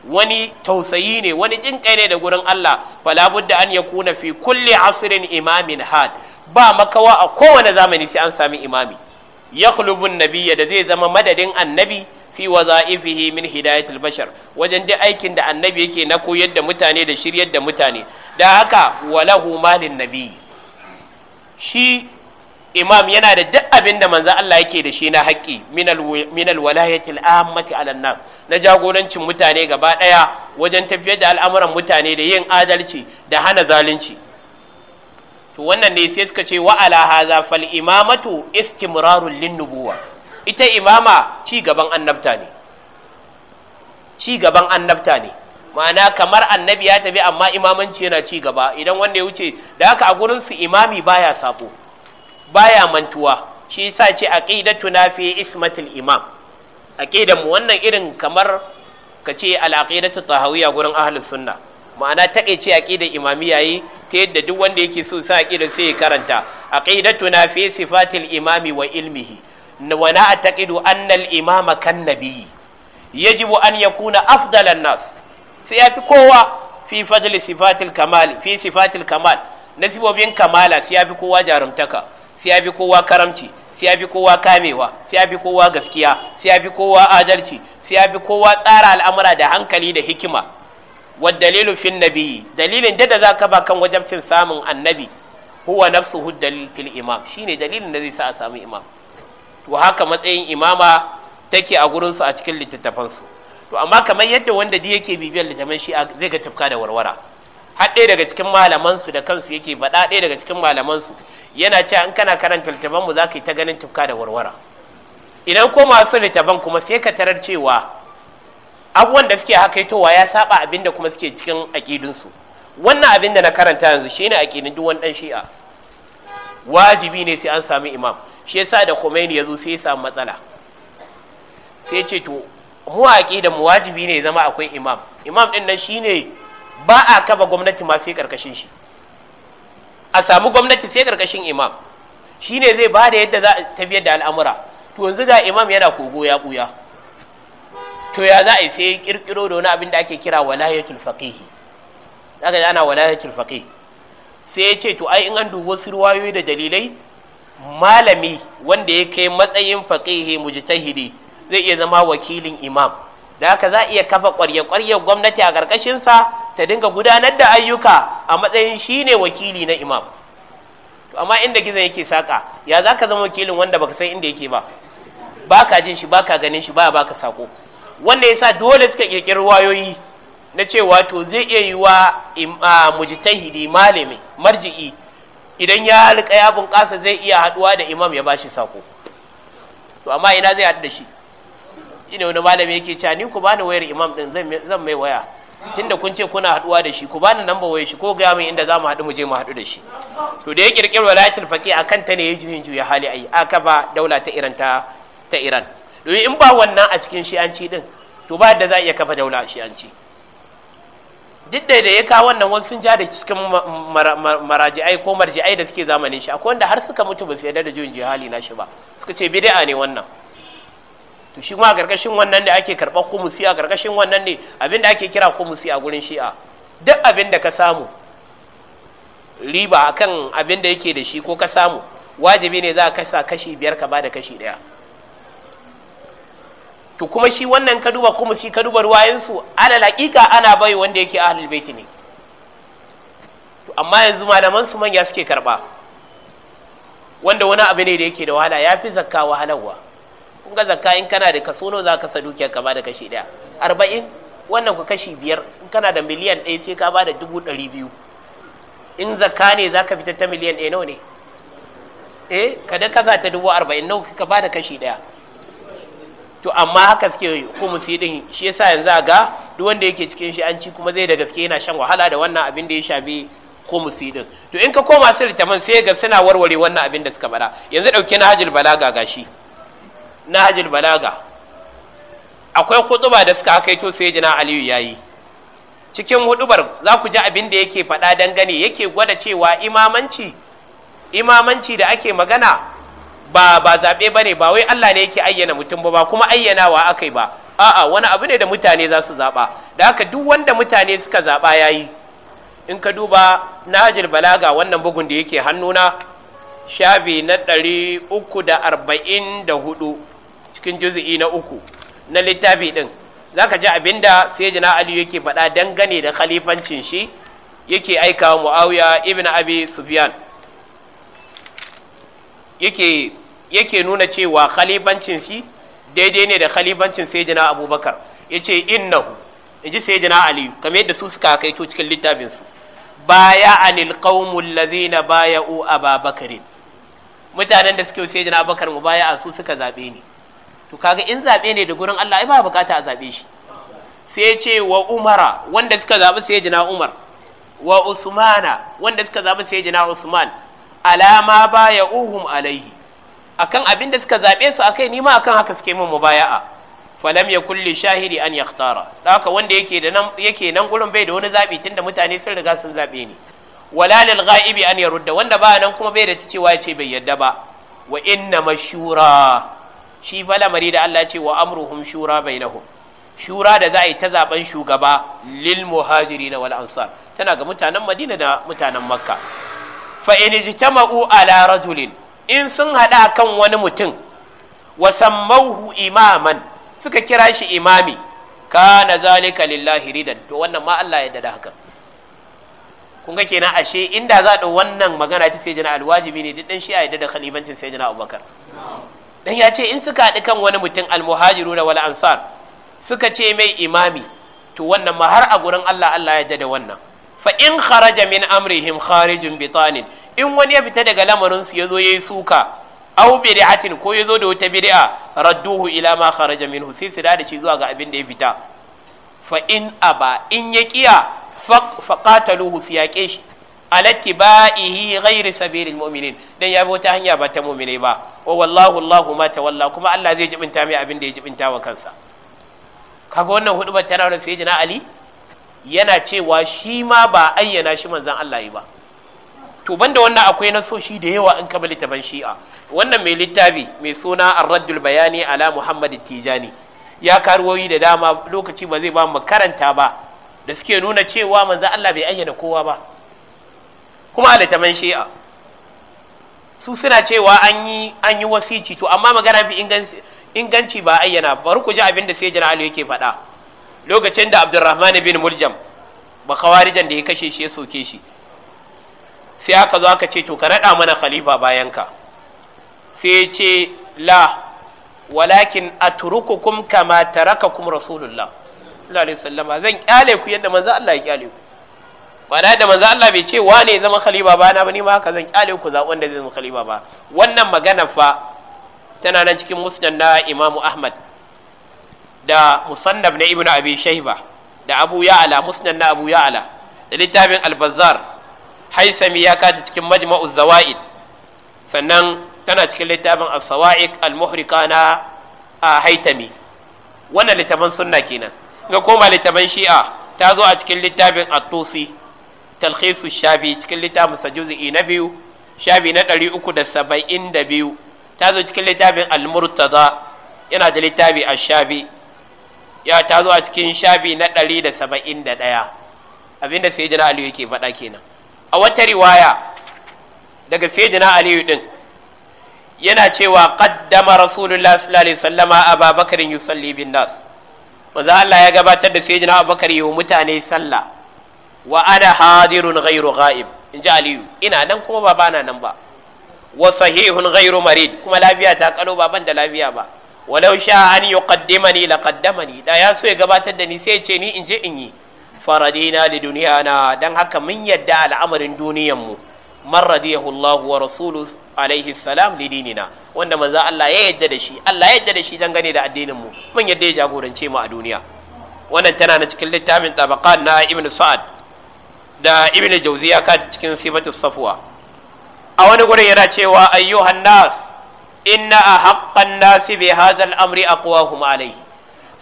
wani tausayi ne wani jinkai ne da gurin Allah fala budda an yakuna fi kulli asrin imamin had ba makawa a kowane zamani sai an sami imami yakhlubun nabiyya da zai zama madadin annabi fi waza'ifihi min hidayatul bashar wajen duk aikin da annabi yake na koyar da mutane da shiryar da mutane da haka walahu malin nabi shi imam yana da duk abin da manzo Allah yake da shi na haƙƙi min alwalayati al'ammati ala nas na jagorancin mutane gaba daya wajen tafiyar da al'amuran mutane da yin adalci da hana zalunci to wannan ne sai suka ce wa'ala haza fal imamatu istimrarun lin nubuwa ita imama ci gaban annabta ne ci gaban annabta ne ma'ana kamar annabi ya tafi amma imamanci yana ci gaba idan wanda ya wuce da haka a gurin su imami baya sabo baya mantuwa shi yasa ce na fi ismatil imam aqidan mu wannan irin kamar ka kace al aqidatu tahawiyya gurin ahlus sunna ma'ana takaice aqidar imami yi ta yadda duk wanda yake so sa aqidar sai ya karanta na fi sifatil imami wa ilmihi wa na ataqidu anna al imama kan nabiyyi yajibu an yakuna afdalan nas sai ya fi kowa fi fadli sifatil kamal fi sifatil kamal nasibobin kamala sai ya fi kowa jarumtaka sai ya fi kowa karamci sai ya fi kowa kamewa sai ya fi kowa gaskiya sai ya fi kowa adalci sai ya fi kowa tsara al'amura da hankali da hikima والدليل fin النبي dalilin da za ka ba kan cin samun annabi huwa nafsuhu dalil fil imam shine dalilin da zai sa a samu imam to haka matsayin imama take a gurin a cikin littattafan to amma kamar yadda wanda da yake bibiyar littafin shi zai ga tafka da warwara har ɗaya daga cikin malaman su da kansu yake faɗa ɗaya daga cikin malaman su yana cewa in kana karanta littafan mu zaka yi ta ganin tafka da warwara idan ko masu littafan kuma sai ka tarar cewa abubuwan da suke hakaitowa ya saba abin da kuma suke cikin aƙidinsu wannan abin da na karanta yanzu shine aƙidin duk wani ɗan shi'a wajibi ne sai an sami imam shi yasa da Khomeini ya zo sai ya samu matsala sai ce to mu da mu wajibi ne zama akwai imam imam din nan shine ba a kaba gwamnati ma sai karkashin shi a samu gwamnati sai karkashin imam shine zai ba da yadda za a tafiyar da al'amura to yanzu ga imam yana kogo ya buya to ya za a yi sai kirkiro da wani abin da ake kira walayatul faqihi daga ana walayatul faqih sai ya ce to ai in an dubo wasu ruwayoyi da dalilai malami wanda ya kai matsayin faqihi mujtahidi zai iya zama wakilin imam da haka za a iya kafa ƙwarya ƙwarya gwamnati a sa ta dinga gudanar da ayyuka a matsayin shine wakili na imam to amma inda gizon yake saka ya zaka zama wakilin wanda baka san inda yake ba baka jin shi baka ganin shi baya baka sako wanda ya sa dole suka kirkiri wayoyi na cewa to zai iya yi wa mujtahidi malami marji'i idan ya rika ya bunƙasa zai iya haɗuwa da imam ya bashi sako to amma ina zai haɗu da shi ina wani malami yake cewa ni ku bani wayar imam din zan mai waya tunda kun ce kuna haɗuwa da shi ku bani namba wayar shi ko ga min inda za mu haɗu mu je mu haɗu da shi to da ya kirkiri walayatul faqih akan ta ne ya juyin juya hali ai aka ba daula ta Iran ta ta Iran domin in ba wannan a cikin shi'anci din to ba da za a iya kafa daula a shi'anci duk da ya kawo wannan wasu sun ja da cikin maraji'ai ko marji'ai da suke zamanin shi akwai wanda har suka mutu ba su yarda da juyin jihali na shi ba suka ce bid'a ne wannan to shi a karkashin wannan ne ake karɓar kumusi a karkashin wannan ne abin da ake kira kumusi a gurin shi'a duk abin da ka samu riba akan abin da yake da shi ko ka samu wajibi ne za ka kasa kashi biyar ka ba da kashi ɗaya to kuma shi wannan ka duba kuma shi ka duba ruwayensu alal haƙiƙa ana bai wanda yake ahlul baiti ne to amma yanzu malaman su manya suke karba wanda wani abu ne da yake da wahala ya fi zakka wahalarwa kun ga zakka in kana da kaso nawa zaka sa dukiya ka bada kashi ɗaya arba'in wannan ku kashi biyar in kana da miliyan ɗaya sai ka bada dubu ɗari biyu in zakka ne zaka fitar ta miliyan ɗaya nawa ne eh kada ka za ta dubu arba'in nawa ka bada kashi ɗaya to amma haka suke kumusi din shi yasa yanzu ga duk wanda yake cikin shi an ci kuma zai da gaske yana shan wahala da wannan abin da ya shafi kumusi din to in ka koma su man sai ga suna warware wannan abin da suka bada yanzu dauke na hajjul balaga gashi na hajjul balaga akwai huɗuba da suka haka to sai jina aliyu yayi cikin hudubar za ku ji abin da yake faɗa dangane yake gwada cewa imamanci imamanci da ake magana ba ba zaɓe ba ne ba wai Allah ne yake ayyana mutum ba kuma ayyanawa aka yi ba a'a wani abu ne da mutane za su zaɓa da haka duk wanda mutane suka zaɓa ya yi in ka duba najil balaga wannan bugun da yake hannuna shafi na ɗari uku da arba'in da hudu cikin juzi'i na uku na littafi ɗin za ka ji abin da sai jina ali yake faɗa dangane da khalifancin shi yake aika wa mu'awiya ibn abi sufyan yake yake nuna cewa khalifancin shi daidai ne da khalifancin sayyidina abubakar ya ce innahu in ji sayyidina aliyu kamar yadda su suka kaito cikin littafinsu baya anil qaumul ladzina baya'u ababakarin mutanen da suke sai jina mu baya su suka zabe ni to kaga in zabe ne da gurin Allah ai ba bukata a zabe shi sai ce wa umara wanda suka zabi sai jina umar wa usmana wanda suka zabi sai jina usman alama baya uhum alaihi akan abin da suka zaɓe su akai ni ma akan haka suke min mubaya'a falam ya kulli shahidi an yakhtara haka wanda yake da nan yake nan gurin bai da wani zabi tunda mutane sun riga sun zabe ni wala lil ghaibi an yarudda wanda ba nan kuma bai da ta cewa ce bai yadda ba wa inna mashura shi fa lamari da Allah ce wa amruhum shura bainahum shura da za a yi ta zaben shugaba lil muhajiri na wal ansar tana ga mutanen Madina da mutanen Makka fa in ijtama'u ala rajulin in sun haɗa kan wani mutum wa sammauhu imaman suka kira shi imami kana zalika lillahi ridan to wannan ma Allah ya dada haka kun ga kenan ashe inda za da wannan magana ta sayyidina alwajibi ne duk dan shi ya dada khalifancin sayyidina Abubakar dan ya ce in suka haɗu kan wani mutum da wal ansar suka ce mai imami to wannan ma har a gurin Allah Allah ya dada wannan fa in kharaja min amrihim kharijun bitanin in wani ya fita daga lamarin su yazo yayi suka aw bid'atin ko yazo da wata bid'a radduhu ila ma kharaja minhu sai su da shi zuwa ga abin da ya fita fa in aba in ya kiya fa qataluhu su yaƙe shi alattiba'ihi ghairi sabilil mu'minin dan ya bi wata hanya ba ta mu'mine ba wa wallahu Allahu ma tawalla kuma Allah zai jibinta mai abin da ya jibinta wa kansa kaga wannan hudu tana da sayyidina Ali yana cewa shi ma ba ayyana shi manzan Allah yi ba to banda wannan akwai shi da yawa in kama littafin shi'a wannan mai littafi mai suna arraddul bayani ala muhammad tijani ya karuwoyi da dama lokaci ba zai ba mu karanta ba da suke nuna cewa manzan Allah bai ayyana kowa ba kuma a littafin shi'a su suna cewa an yi an yi wasici to amma magana fi inganci ba ayyana bari ku ji abin da sai jana Ali yake faɗa lokacin da abdurrahman bin muljam ba khawarijan da ya kashe shi ya soke shi sai aka zo aka ce to ka raɗa mana khalifa bayan ka sai ya ce la walakin atrukukum kama tarakakum rasulullah sallallahu alaihi wasallam zan kyale ku yadda manzo Allah ya kyale ku bana da manzo Allah bai ce wane ya zama khalifa ba na bane ma haka zan kyale ku zaɓen da zai zama khalifa ba wannan magana fa tana nan cikin musnad na Imam Ahmad da musannab na ibnu abi shayba da abu ya'ala musnad na abu ya'ala da littafin al-bazzar haisami ya kada cikin majma'uz zawaid sannan tana cikin littafin as-sawa'iq al-muhrika na haitami wannan littafin sunna kenan ga koma littafin shi'a ta zo a cikin littafin at-tusi talkhisu shabi cikin littafin sajuzi na biyu shabi na ɗari uku da saba'in da biyu ta zo cikin littafin al murtada yana da littafi a shabi ya ta zo a cikin shabi na ɗari da saba'in da ɗaya abinda sai jina aliyu yake faɗa kenan a wata riwaya daga sai jina aliyu ɗin yana cewa ƙaddama rasulullah sallallahu alaihi sallama a babakarin yusalli bin nas maza Allah ya gabatar da sai jina abubakar yi mutane sallah wa ana hadirun gairu ga'ib in ji aliyu ina nan kuma ba bana nan ba wa sahihun gairu marid kuma lafiya ta kalo ba ban da lafiya ba walau sha an yuqaddimani kaddamani? da ya so ya gabatar da ni sai ya ce ni in je in yi faradina li duniyana dan haka mun yadda al'amarin duniyan mu man radiyahu Allah wa rasulu alaihi salam li dinina wanda manzo Allah ya yadda da shi Allah ya yadda da shi dangane da addinin mu mun yadda ya jagorance mu a duniya wannan tana na cikin littafin tabaqat na Ibn Sa'ad da Ibn Jawziya ka cikin sifatu safwa a wani gurin yana cewa ayyuhan nas inna a haƙƙan nasi bai hazal amri a kuma alaihi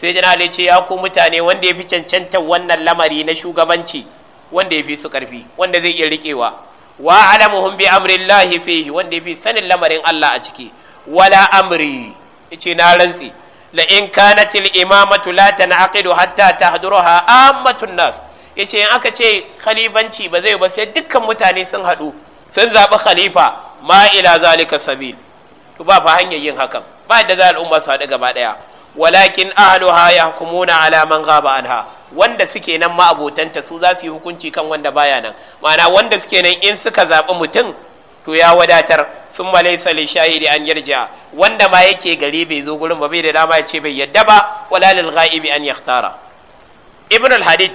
sai jana ali ce ya ku mutane wanda ya fi cancanta wannan lamari na shugabanci wanda ya fi su ƙarfi wanda zai iya riƙewa wa alamuhum bi lahi fihi wanda ya fi sanin lamarin Allah a ciki wala amri ce na rantsi la in kanat al imamatu la tanaqidu hatta tahduruha ammatun nas yace in aka ce khalifanci ba zai ba sai dukkan mutane sun haɗu sun zaɓi khalifa ma ila zalika sabil to ba fa hanyar yin hakan ba yadda za al'umma su haɗu gaba ɗaya walakin ahluha yahkumuna ala man ghaba anha wanda suke nan ma'abotanta su za su yi hukunci kan wanda baya nan ma'ana wanda suke nan in suka zaɓi mutum to ya wadatar sun malaisa li shahidi an yarja wanda ma yake gari bai zo gurin ba bai da dama ya ce bai yadda ba wala lil ghaibi an yahtara ibn al hadid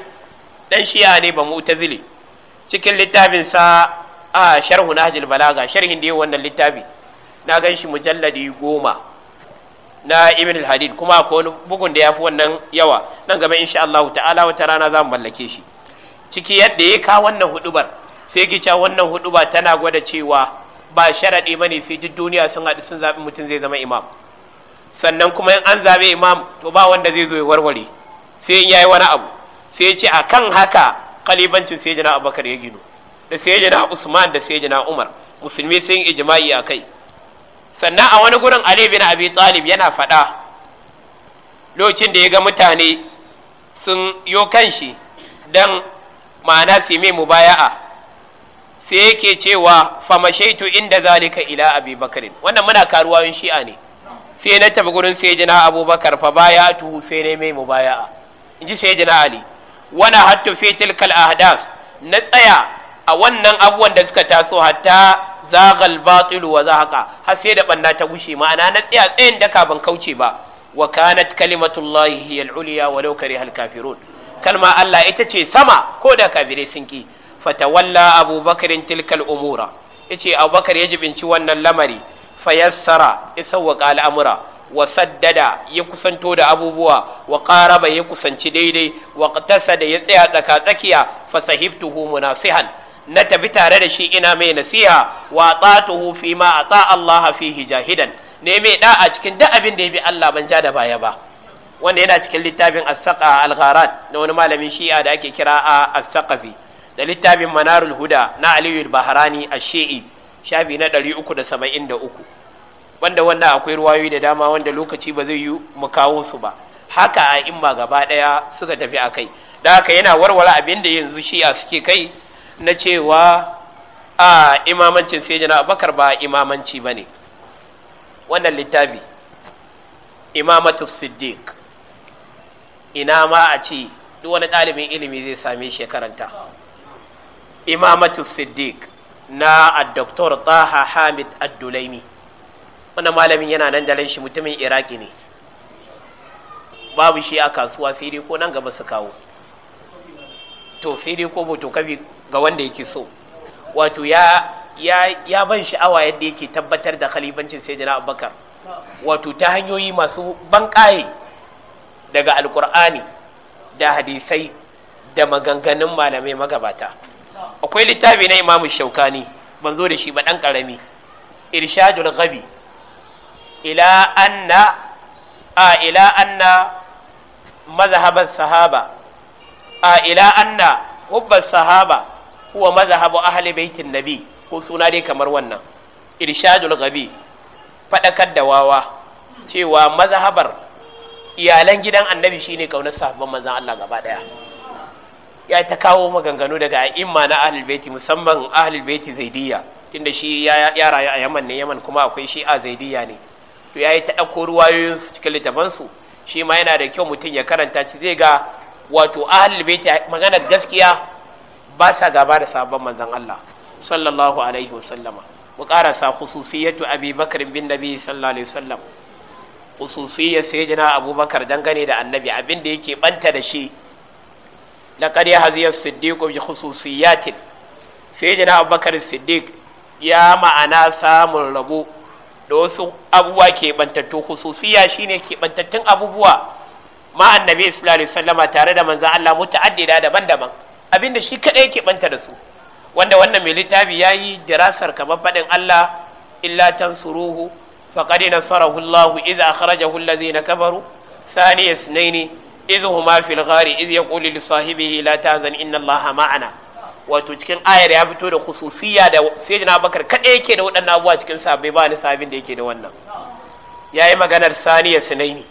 dan shi'a ne ba mu'tazili cikin littafin sa a sharhu nahjul balaga sharhin da wannan littafi na gan shi mujalladi goma na ibn al-hadid kuma akwai wani bugun da ya fi wannan yawa nan gaba insha Allah ta'ala wata rana za mu mallake shi ciki yadda ya ka wannan hudubar sai ki cewa wannan huduba tana gwada cewa ba sharaɗi bane sai duk duniya sun haɗu sun zabi mutum zai zama imam sannan kuma in an zabe imam to ba wanda zai zo ya warware sai in yayi wani abu sai ya ce akan haka kalibancin sai abubakar ya gino da sai usman da sai umar musulmi sun ijma'i a kai sannan a wani gurin ali bin abi talib yana faɗa lokacin da ya ga mutane sun yo kan shi don ma'ana su mai mubaya'a sai yake cewa famashaitu inda zalika ila abi bakarin wannan muna karuwa yin shi'a ne sai na tafi gurin sai jina abubakar fa baya tuhu sai ne mai mubaya'a in ji sai ali wani hattu fi tilkal ahdas na tsaya a wannan abubuwan da suka taso hatta zagal batilu wa zahaqa har sai da banna ta gushe ma'ana na tsaya tsayin daka ban kauce ba wa kanat kalimatullahi hiya al wa walau karihal kafirun kalma Allah ita ce sama ko da kafirai sun ki fatawalla abubakarin tilkal umura yace abubakar ya jibinci wannan lamari fayassara ya sawwaka al'amura wa saddada ya kusanto da abubuwa wa qaraba ya kusanci daidai wa da ya tsaya tsaka tsakiya fa sahibtuhu munasihan na tafi tare da shi ina mai nasiha wa tsatuhu fi ma tsa Allah fihi jahidan ne mai da a cikin duk abin da ya bi Allah ban ja da baya ba wanda yana cikin littafin Assaka saqa al-gharat na wani malamin shi'a da ake kira a as da littafin manarul huda na aliyu bahrani ash-shi'i shafi na ɗari uku da 373 wanda wanda akwai ruwayoyi da dama wanda lokaci ba zai yi mu kawo su ba haka a imma gaba daya suka tafi a kai. da haka yana warware abin da yanzu shi'a suke kai na cewa a imamancin sai jana abakar ba imamanci ba ne wannan littafi imamatu siddiq ina ma a ce duk wani ɗalibin ilimi zai same shi karanta imamatu siddiq na addoktor taha hamid addulaimi wannan malamin yana nan jalan shi mutumin iraki ne babu shi a kasuwa sai dai ko nan gaba su kawo to sai dai ko botokafi ga wanda yake so wato ya ya ya ban sha'awa yadda yake tabbatar da khalifancin sayyidina abubakar wato ta hanyoyi masu ban daga alkur'ani da hadisai da maganganun malamai magabata akwai littafi na imamu shaukani ban zo da shi ba ɗan ƙarami irshadul gabi ila anna a ila anna mazhaban sahaba a ila anna hubban sahaba huwa mazhabu ahli baitin nabi ko suna dai kamar wannan irshadul ghabi fadakar da wawa cewa mazhabar iyalan gidan annabi shine kaunar sahabban manzon Allah gaba daya ya ta kawo maganganu daga imma na ahlul baiti musamman ahlul baiti zaidiyya tunda shi ya, ya rayu a Yaman ne Yaman kuma akwai shi a zaidiyya ne to yayi ta dauko ruwayoyin su cikin littafan su shi ma yana da kyau mutum ya karanta shi zai ga wato ahlul baiti maganar gaskiya ba sa gaba da sabon manzon Allah sallallahu alaihi wasallama mu karasa khususiyatu abi bakr bin nabi sallallahu alaihi wasallam khususiyar sayyidina abubakar dangane da annabi abin da yake banta da shi laqad yahziya as-siddiq bi khususiyatin sayyidina abubakar siddiq ya ma'ana samun rabo da wasu abubuwa ke bantattu khususiya shine ke bantattun abubuwa ma annabi sallallahu alaihi wasallama tare da manzon Allah muta'addida daban-daban Abin da shi kaɗai yake banta da su wanda wannan mai littafi ya yi dirasar kamar faɗin Allah illa tansuruhu faqad nasarahu Allah idza akhrajahu allazina kafaru thani isnaini idh huma fil ghari idh yaqulu li sahibihi la tahzan inna Allah ma'ana wato cikin ayar ya fito da khususiyya da sayyidina Bakar kadai yake da waɗannan abubuwa cikin bai ba ni sabin da yake da wannan yayi maganar thani isnaini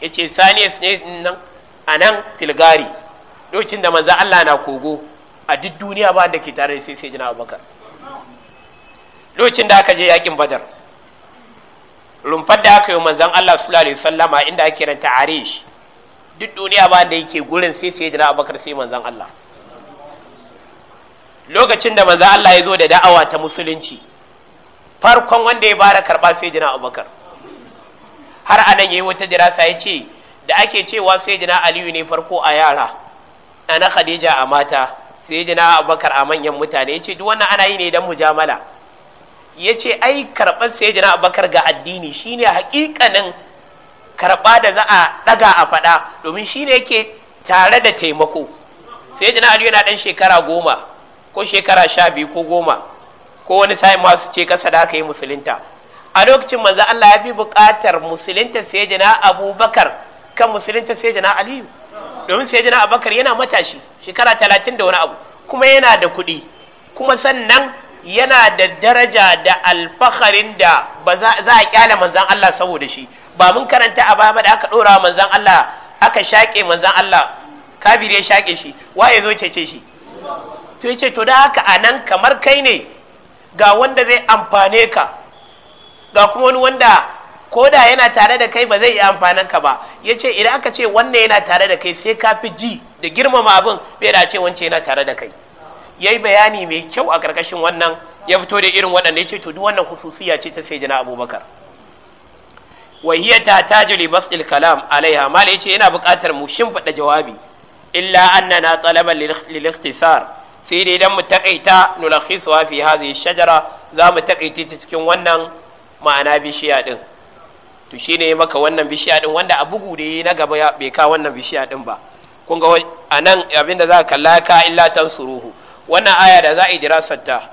yace thani sinaini nan anan fil ghari lokacin da manzan Allah na kogo a duk duniya ba da ke tare sai sai jina abubakar lokacin da aka je yakin badar rumfar da aka yi manzan Allah su lalai sallama inda ake ranta shi duk duniya ba da yake gurin sai sai jina abubakar sai manzan Allah lokacin da manzan Allah ya zo da da'awa ta musulunci farkon wanda ya bara karba sai jina abubakar har anan ya yi wata dirasa ya ce da ake cewa sai jina aliyu ne farko a yara ana khadija a mata sai na abubakar a manyan mutane ya ce duk wannan ana yi ne don mujamala ya ce ai karɓar sai na abubakar ga addini shine hakikanin karɓa da za a ɗaga a faɗa domin shine yake tare da taimako sai na aliyu yana ɗan shekara goma ko shekara sha biyu ko goma ko wani sa'in masu ce kasa da aka yi musulunta a lokacin manzo Allah ya fi buƙatar musulunta sai na abubakar kan musulunta sai na aliyu domin sai jina abakar yana matashi shekara talatin da wani abu kuma yana da kuɗi kuma sannan yana da daraja da alfaharin da ba za a kyale manzan Allah saboda shi ba mun karanta a baya da aka ɗora manzan Allah aka shaƙe manzan Allah kabir ya shaƙe shi wa ya zo cece shi to ya ce to da haka anan kamar kai ne ga wanda zai amfane ka ga kuma wani wanda ko da yana tare da kai ba zai iya amfanin ka ba ya ce idan aka ce wannan yana tare da kai sai ka fi ji da girmama abin bai da ce wance yana tare da kai ya yi bayani mai kyau a ƙarƙashin wannan ya fito da irin waɗanda ya ce to duk wannan hususiya ce ta sai na abubakar wahiyata ta taji libas kalam alaiha mala ya ce yana buƙatar mu shimfiɗa jawabi illa annana na lil lilikhtisar sai dai idan mu takaita nulakhisuwa fi hadhihi shajara za mu ta cikin wannan ma'ana bishiya din to shi ya maka wannan bishiya din wanda a bugu da na gaba bai ka wannan bishiya din ba kun ga A anan abinda za ka kalla ka illa tan suruhu. wannan aya da za a yi dirasar ta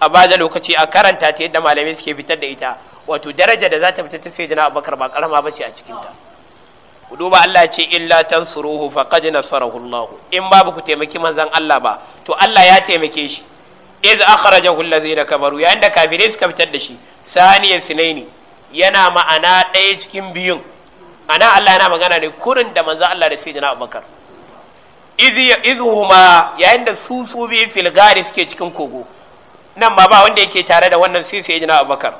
a bada lokaci a karanta ta yadda malamai suke fitar da ita wato daraja da za ta fitar ta sayyidina abubakar ba karama ba ce a cikin ta ku duba Allah ce illa tan tansuruhu faqad nasarahu Allah in babu ku taimaki manzon Allah ba to Allah ya taimake shi iz akhrajahu allazina kabaru yayin da kafirai suka fitar da shi saniyan sinaini yana ma'ana ɗaya cikin biyun ana Allah yana magana ne kurin da manzo Allah da sayyidina Abubakar izhuma yayin da su su filgari suke cikin kogo nan ba ba wanda yake tare da wannan sai sayyidina Abubakar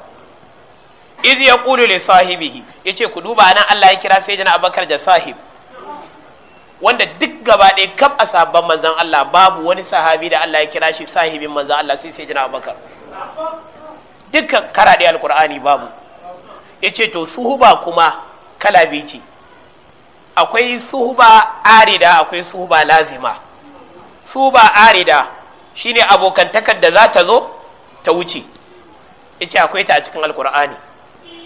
ya kulu li sahibihi yace ku duba nan Allah ya kira sayyidina Abubakar da sahib wanda duk gaba ɗaya kaf a sabon manzan Allah babu wani sahabi da Allah ya kira shi sahibin manzan Allah sai sayyidina Abubakar dukkan karaɗe alkur'ani babu ya ce to suhuba kuma kala biyu ce akwai suhuba arida akwai suhuba lazima suhuba arida shine abokantakar da za ta zo ta wuce ya ce akwai ta a cikin alkur'ani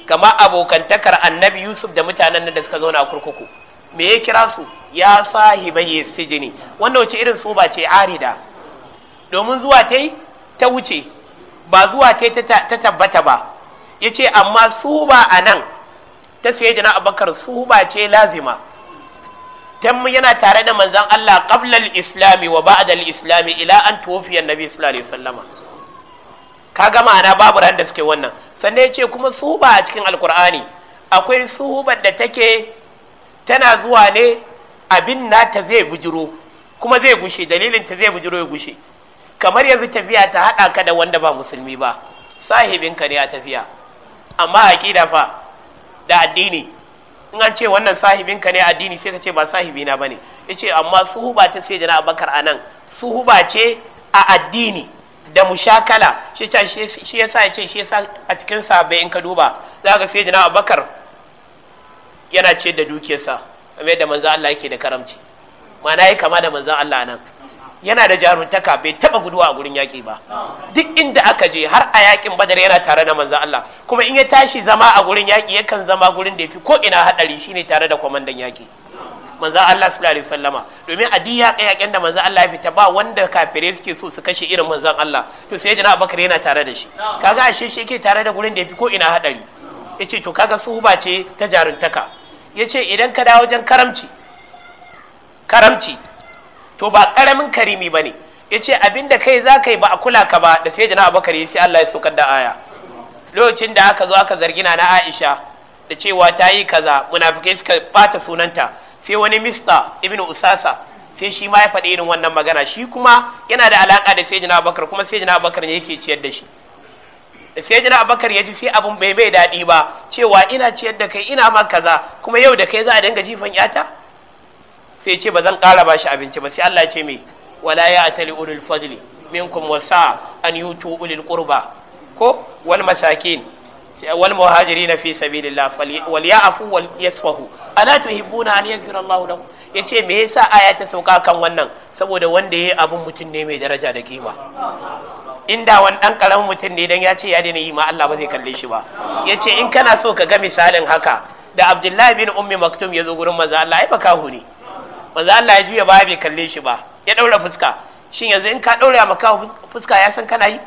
kama abokantakar annabi yusuf da mutanen da suka zauna a kurkuku me ya kira su ya sahibai sijini wannan wace irin suhuba ce arida domin zuwa ta yi ta wuce ba zuwa ta yi ta tabbata ba ya ce amma suba a nan ta sai jana abakar suba ce lazima tammu yana tare da manzan Allah qablal islami wa ba'dal islami ila an tuwafiya nabi sallallahu alaihi wasallama kaga ma'ana babu ran da suke wannan sannan ya ce kuma suba a cikin alkur'ani akwai suhubar da take tana zuwa ne abin nata zai bujiro kuma zai gushe dalilin ta zai bujiro ya gushe kamar yanzu tafiya ta haɗa ka da wanda ba musulmi ba sahibinka ne a tafiya amma a aƙida fa da addini in an ce wannan sahibin ka ne addini sai ka ce ba sahibi na bane yace amma suhuba ta sai jana abakar anan suhuba ce a addini da mushakala shi ta shi yasa yace shi yasa a cikin sahabbai in ka duba zaka sai jana abakar yana ce da dukiyarsa kamar yadda manzo Allah yake da karamci ma'ana yi kama da manzan Allah nan yana da jaruntaka bai taba guduwa a gurin yaƙi ba duk inda aka je har a yaƙin badar yana tare da manzan Allah kuma in ya tashi zama a gurin yaƙi yakan zama gurin da ya fi ko ina hadari shine tare da kwamandan yaƙi manzan Allah sallallahu alaihi wasallama domin a diya yaƙen da manzan Allah ya fita ba wanda kafirai suke so su kashe irin manzan Allah to sai jina abakar yana tare da shi kaga ashe shi yake tare da gurin da ya fi ko ina hadari yace to kaga suhuba ce ta jaruntaka yace idan ka dawo wajen karamci karamci to ba karamin karimi bane yace abinda kai za ba a kula ka ba da sai jana abakar ya sai Allah ya saukar da aya lokacin da aka zo aka zargina na Aisha da cewa ta yi kaza munafikai suka bata sunanta sai wani mista ibn usasa sai shi ma ya faɗi irin wannan magana shi kuma yana da alaka da sai jana abakar kuma sai jana abakar ne yake ciyar da shi da sai jana abakar ya ji sai abun bai mai daɗi ba cewa ina ciyar da kai ina ma kaza kuma yau da kai za a dinga jifan yata sai ce ba zan ƙara ba shi abinci ba sai Allah ce mai wala ya atali ulul fadli minkum wasa an yutu ulul qurba ko wal masakin wal muhajirin fi sabilillah wal ya'fu wal yasfahu ala tuhibbuna an yaghfira Allah lakum ce me yasa aya ta sauka kan wannan saboda wanda yayi abun mutum ne mai daraja da kima inda wani ɗan ƙaramin mutum ne dan ya ce ya daina yi ma Allah ba zai kalle shi ba ya ce in kana so ka ga misalin haka da abdullahi bin ummi maktum ya zo gurin manzo Allah ai baka hu ne za Allah ya juya ba bai kalle shi ba ya daura fuska shin yanzu in ka daura makaho fuska ya san kana yi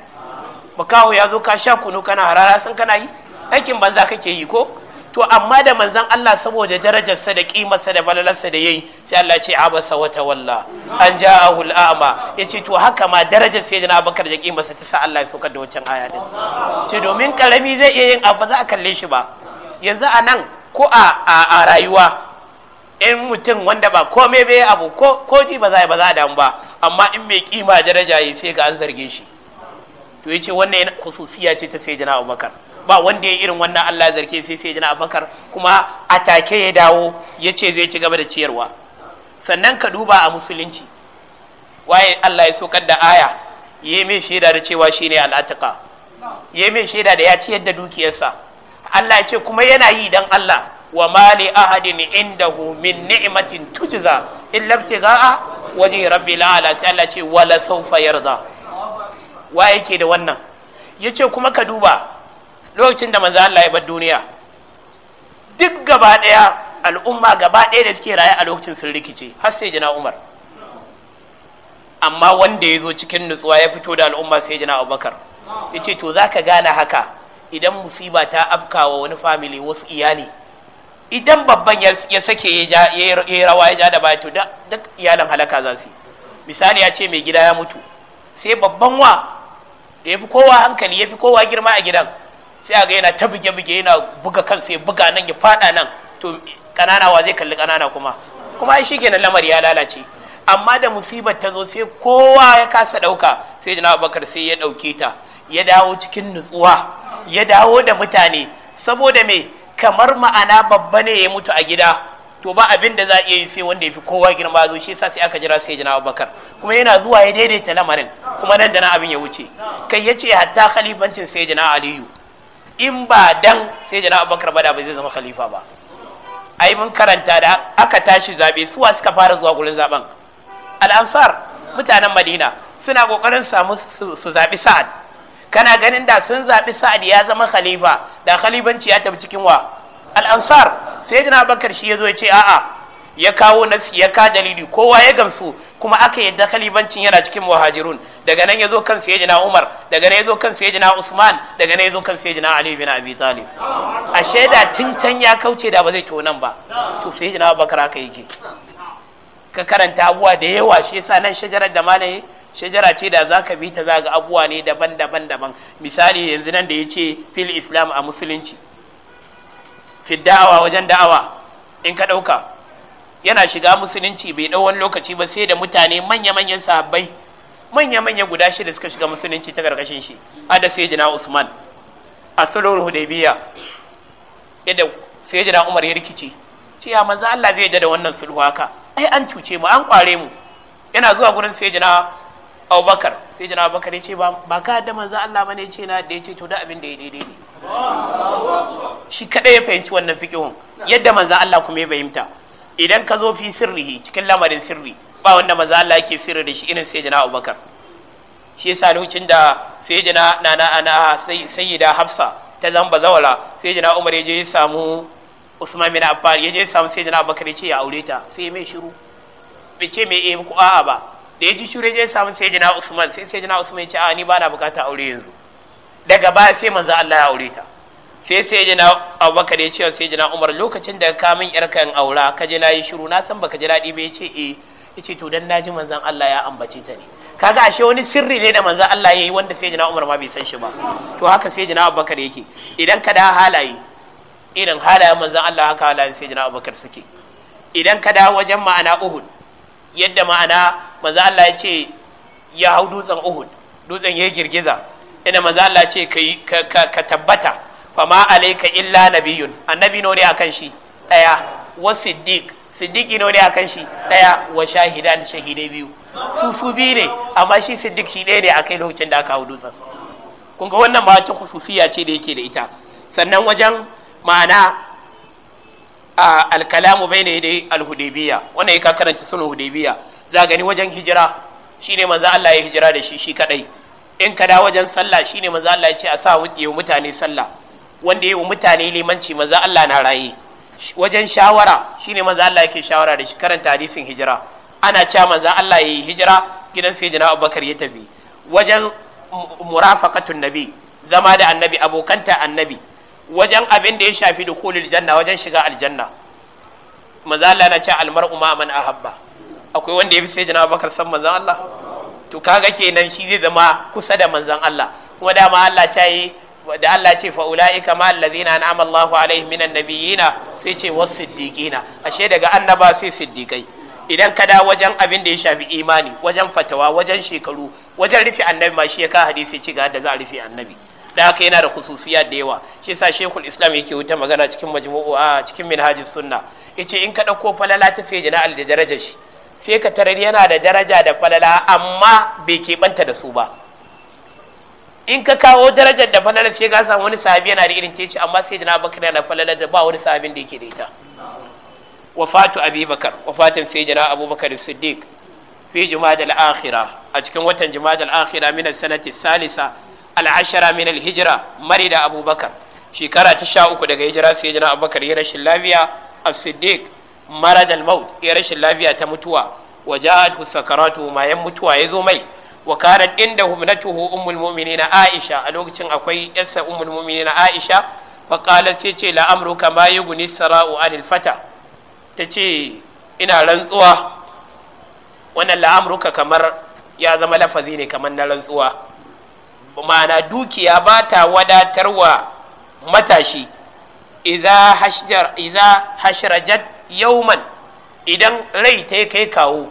makaho ya zo ka sha kunu kana harara san kana yi aikin banza kake yi ko to amma da manzon Allah saboda darajarsa da sa da balalarsa da yayi sai Allah ce abasa wa tawalla an ja'ahu al'ama yace to haka ma darajar sayyidina Abubakar da sa ta sa Allah ya saukar da wancan aya din ce domin karami zai iya yin abu za a kalle shi ba yanzu anan, nan ko a a rayuwa in mutum wanda ba komai bai abu ko ji ba za a za damu ba amma in mai kima daraja yi sai ga an zarge shi to yace wannan yana khususiya ce ta sayyidina Abubakar ba wanda ya irin wannan Allah zarge sai sayyidina Abubakar kuma atake ya dawo yace zai ci gaba da ciyarwa sannan ka duba a musulunci waye Allah ya saukar da aya yayi mai shaida da cewa shine ya yayi mai shaida da ya ciyar da dukiyarsa Allah ya ce kuma yana yi dan Allah wa ma li ahadin indahu min ni'matin tujza illa ibtigaa waje rabbil ala sai Allah ce wala sawfa yarda wa yake da wannan yace kuma ka duba lokacin da manzo Allah ya bar duniya duk gaba daya al'umma gaba daya da suke raye a lokacin sun rikice har sai jina Umar amma wanda ya zo cikin nutsuwa ya fito da al'umma sai jina Abubakar yace to zaka gane haka idan musiba ta afkawa wani family wasu iyali idan babban ya sake ya yi rawa ya ja da baya to duk iyalan halaka za su yi misali ya ce mai gida ya mutu sai babban wa da ya fi kowa hankali ya fi kowa girma a gidan sai a ga yana ta buge-buge yana buga kan sai buga nan ya fada nan to kanana wa zai kalli kanana kuma kuma shi kenan lamari ya lalace amma da musibar ta zo sai kowa ya kasa ɗauka sai jina Bakar sai ya ɗauke ta ya dawo cikin nutsuwa ya dawo da mutane saboda me kamar ma'ana babba ne ya mutu a gida to ba abin da za a iya yi sai wanda ya fi kowa girma zo shi yasa sai aka jira sai jina abubakar kuma yana zuwa ya daidaita lamarin kuma nan da na abin ya wuce kai ya ce hatta khalifancin sai jina aliyu in ba dan sai jina abubakar ba da ba zai zama khalifa ba ai mun karanta da aka tashi zabe suwa suka fara zuwa gurin zaben al'ansar mutanen madina suna kokarin samu su zabi sa'ad kana ganin da sun zaɓi sa'ad ya zama khalifa da khalifanci ya tafi cikin wa al'ansar sai jina bakar shi ya zo ya ce a'a ya kawo nasi ya ka dalili kowa ya gamsu kuma aka yadda khalifancin yana cikin muhajirun daga nan ya zo kan sai jina umar daga nan ya zo kan sai jina usman daga nan ya zo kan sai jina ali bin abi talib a shaida tun can ya kauce da ba zai to nan ba to sai jina bakar haka yake ka karanta abuwa da yawa shi yasa nan shajarar da malaye shajara ce da zaka bi ta zaga abuwa ne daban-daban daban misali yanzu nan da ya ce fil islam a musulunci fil da'awa wajen da'awa in ka ɗauka yana shiga musulunci bai ɗau wani lokaci ba sai da mutane manya-manyan sahabbai manya-manya guda shida suka shiga musulunci ta ƙarƙashin shi har da sayyidina usman a sulhul hudaybiya yadda sayyidina umar ya rikice ce ya manzo Allah zai da wannan sulhu haka ai an cuce mu an kware mu yana zuwa gurin sayyidina abubakar sai jana abubakar ya ce ba ka da manzo Allah ne ce na da ya ce to da abin da ya daidai ne shi kadai ya fahimci wannan fikihun yadda manzo Allah kuma ya fahimta idan ka zo fi sirrihi cikin lamarin sirri ba wanda manzo Allah yake sirri da shi irin sai jana abubakar shi yasa lokacin da sai jana nana ana sayyida hafsa ta zamba zawala sai jana umar ya je ya samu usman bin affan ya je ya samu sai jana abubakar ya ce ya aure ta sai ya mai shiru bai ce mai eh ko a'a ba da ya ji shure zai samu jina Usman sai jina Usman ya ce a ni ba na bukata aure yanzu daga baya sai manzo Allah ya aure ta sai jina Abubakar ya ce sai jina Umar lokacin da ka min yarka in aura ka ji na yi shiru na san baka ji daɗi ba ya ce eh ya ce to dan ji manzon Allah ya ambace ta ne kaga ashe wani sirri ne da manzo Allah ya yi wanda sai jina Umar ma bai san shi ba to haka sai jina Abubakar yake idan ka da halaye irin halayen manzon Allah haka halayen sai jina Abubakar suke idan ka da wajen ma'ana Uhud yadda ma'ana manzo Allah ya ce ya hau dutsen Uhud dutsen ya girgiza ina manzo Allah ya ce ka tabbata fama alayka illa nabiyun annabi ne akan shi daya wa siddiq siddiqi ne akan shi daya wa shahidan shahidai biyu su su biyu ne amma shi siddiq shi ɗaya ne a kai lokacin da aka hau dutsen kun ga wannan ba ta khususiya ce da yake da ita sannan wajen ma'ana alkalamu bai ne dai alhudebiya wannan ya ka karanta hudibiya za gani wajen hijira shine maza Allah ya hijira da shi shi kadai in ka da wajen sallah shine maza Allah ya ce a sa yi mutane sallah wanda yi wa mutane limanci maza Allah na raye wajen shawara shine maza Allah yake shawara da shi karanta hadisin hijira ana cewa maza Allah ya yi hijira gidan jina Abubakar ya tafi wajen murafaqatun nabi zama da annabi abokanta annabi wajen abin da ya shafi dukhulul janna wajen shiga aljanna manzo Allah na ce almar'u ma man ahabba akwai wanda ya fi sai jana bakar san manzon Allah to kaga kenan shi zai zama kusa da manzon Allah kuma dama Allah ta yi da Allah ce fa ulaika ma allazina an'ama Allahu alaihim minan nabiyina sai ce was siddiqina ashe daga annaba sai siddiqai idan ka da wajen abin da ya shafi imani wajen fatawa wajen shekaru wajen rufe annabi ma shi ya ka hadisi ci ga da za a rufe annabi da haka yana da khususiya da yawa shi yasa shekul islam yake wuta magana cikin majmu'u a cikin minhajus sunna yace in ka dauko falala ta sai jina da darajar shi sai ka tarar yana da daraja da falala amma bai keɓanta da su ba in ka kawo darajar da falala sai ka samu wani sahabi yana da irin ta amma sai jina bakar yana falala da ba wani sahabin da yake da ita wafatu abubakar wafatin sai jina abubakar siddiq fi jumada akhirah a cikin watan jumada al-akhirah min sanati salisa al'ashara min al-hijra mari da abubakar shekara ta sha uku daga hijira sai jina abubakar ya rashin lafiya a siddiq Mara al-maut ya rashin lafiya ta mutuwa wa ja'at sakaratu mayan mutuwa ya zo mai wa kanat inda humnatuhu ummul mu'minina aisha a lokacin akwai yarsa ummul mu'minina aisha fa qalat sai ce la amruka ma yughni sara'u anil fata tace ina rantsuwa wannan la'amuruka kamar ya zama lafazi ne kamar na rantsuwa ma'ana dukiya ba ta wadatarwa matashi idza yau yauman idan rai ta kai kawo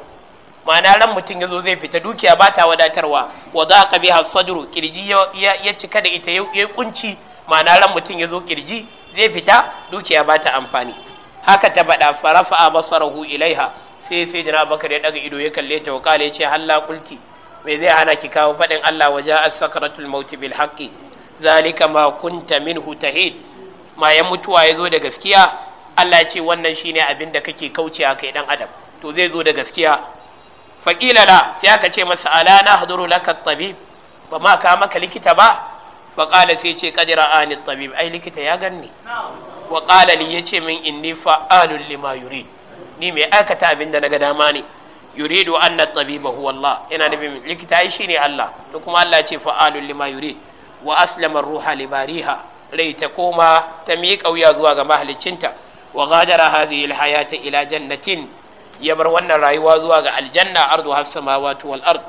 ma'ana ran mutum ya zo zai fita dukiya ba ta wadatarwa wa za ka biya sadru kirji ya cika da ita ya kunci ma'ana ran mutum ya zo kirji zai fita dukiya ba ta amfani haka ta faɗa farafa a basarahu ilaiha sai sai jina bakar ya ɗaga ido ya kalle ta wakale ya ce halla kulki me zai hana ki kawo faɗin Allah wa ja'a sakaratul maut bil haqqi zalika ma kunta minhu tahid mayan mutuwa ya zo da gaskiya Allah ya ce wannan shine abin da kake kauce a kai dan adam to zai zo da gaskiya faqila la sai aka ce masa ala nahduru laka tabib ba ma ka maka likita ba fa qala sai ce qad ra'ani tabib ai likita ya ganni wa qala li yace min inni fa'alun lima yurid ni mai aikata abin da naga dama ne yuridu anna tabiba huwa Allah yana nufin likita yi shine Allah to kuma Allah ce fa'alul lima yurid wa aslama ruha libariha rai ta koma ta miƙa wuya zuwa ga mahaliccinta wa ghadara hadhihi alhayata ila jannatin ya bar wannan rayuwa zuwa ga aljanna ardu has samawati wal ard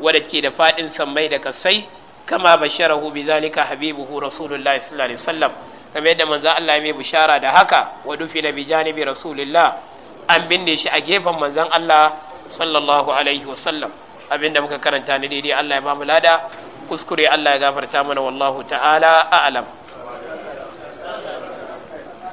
wadda ke da fadin sammai da kasai kama basharahu bidhalika habibuhu rasulullahi sallallahu alaihi wasallam kamar yadda manzo Allah ya mai bishara da haka wa dufina bi janibi rasulillah an binne shi a gefen manzon Allah sallallahu alaihi wasallam abinda muka karanta ni daidai Allah ya bamu lada kuskure Allah ya gafarta mana wallahu ta'ala a'lam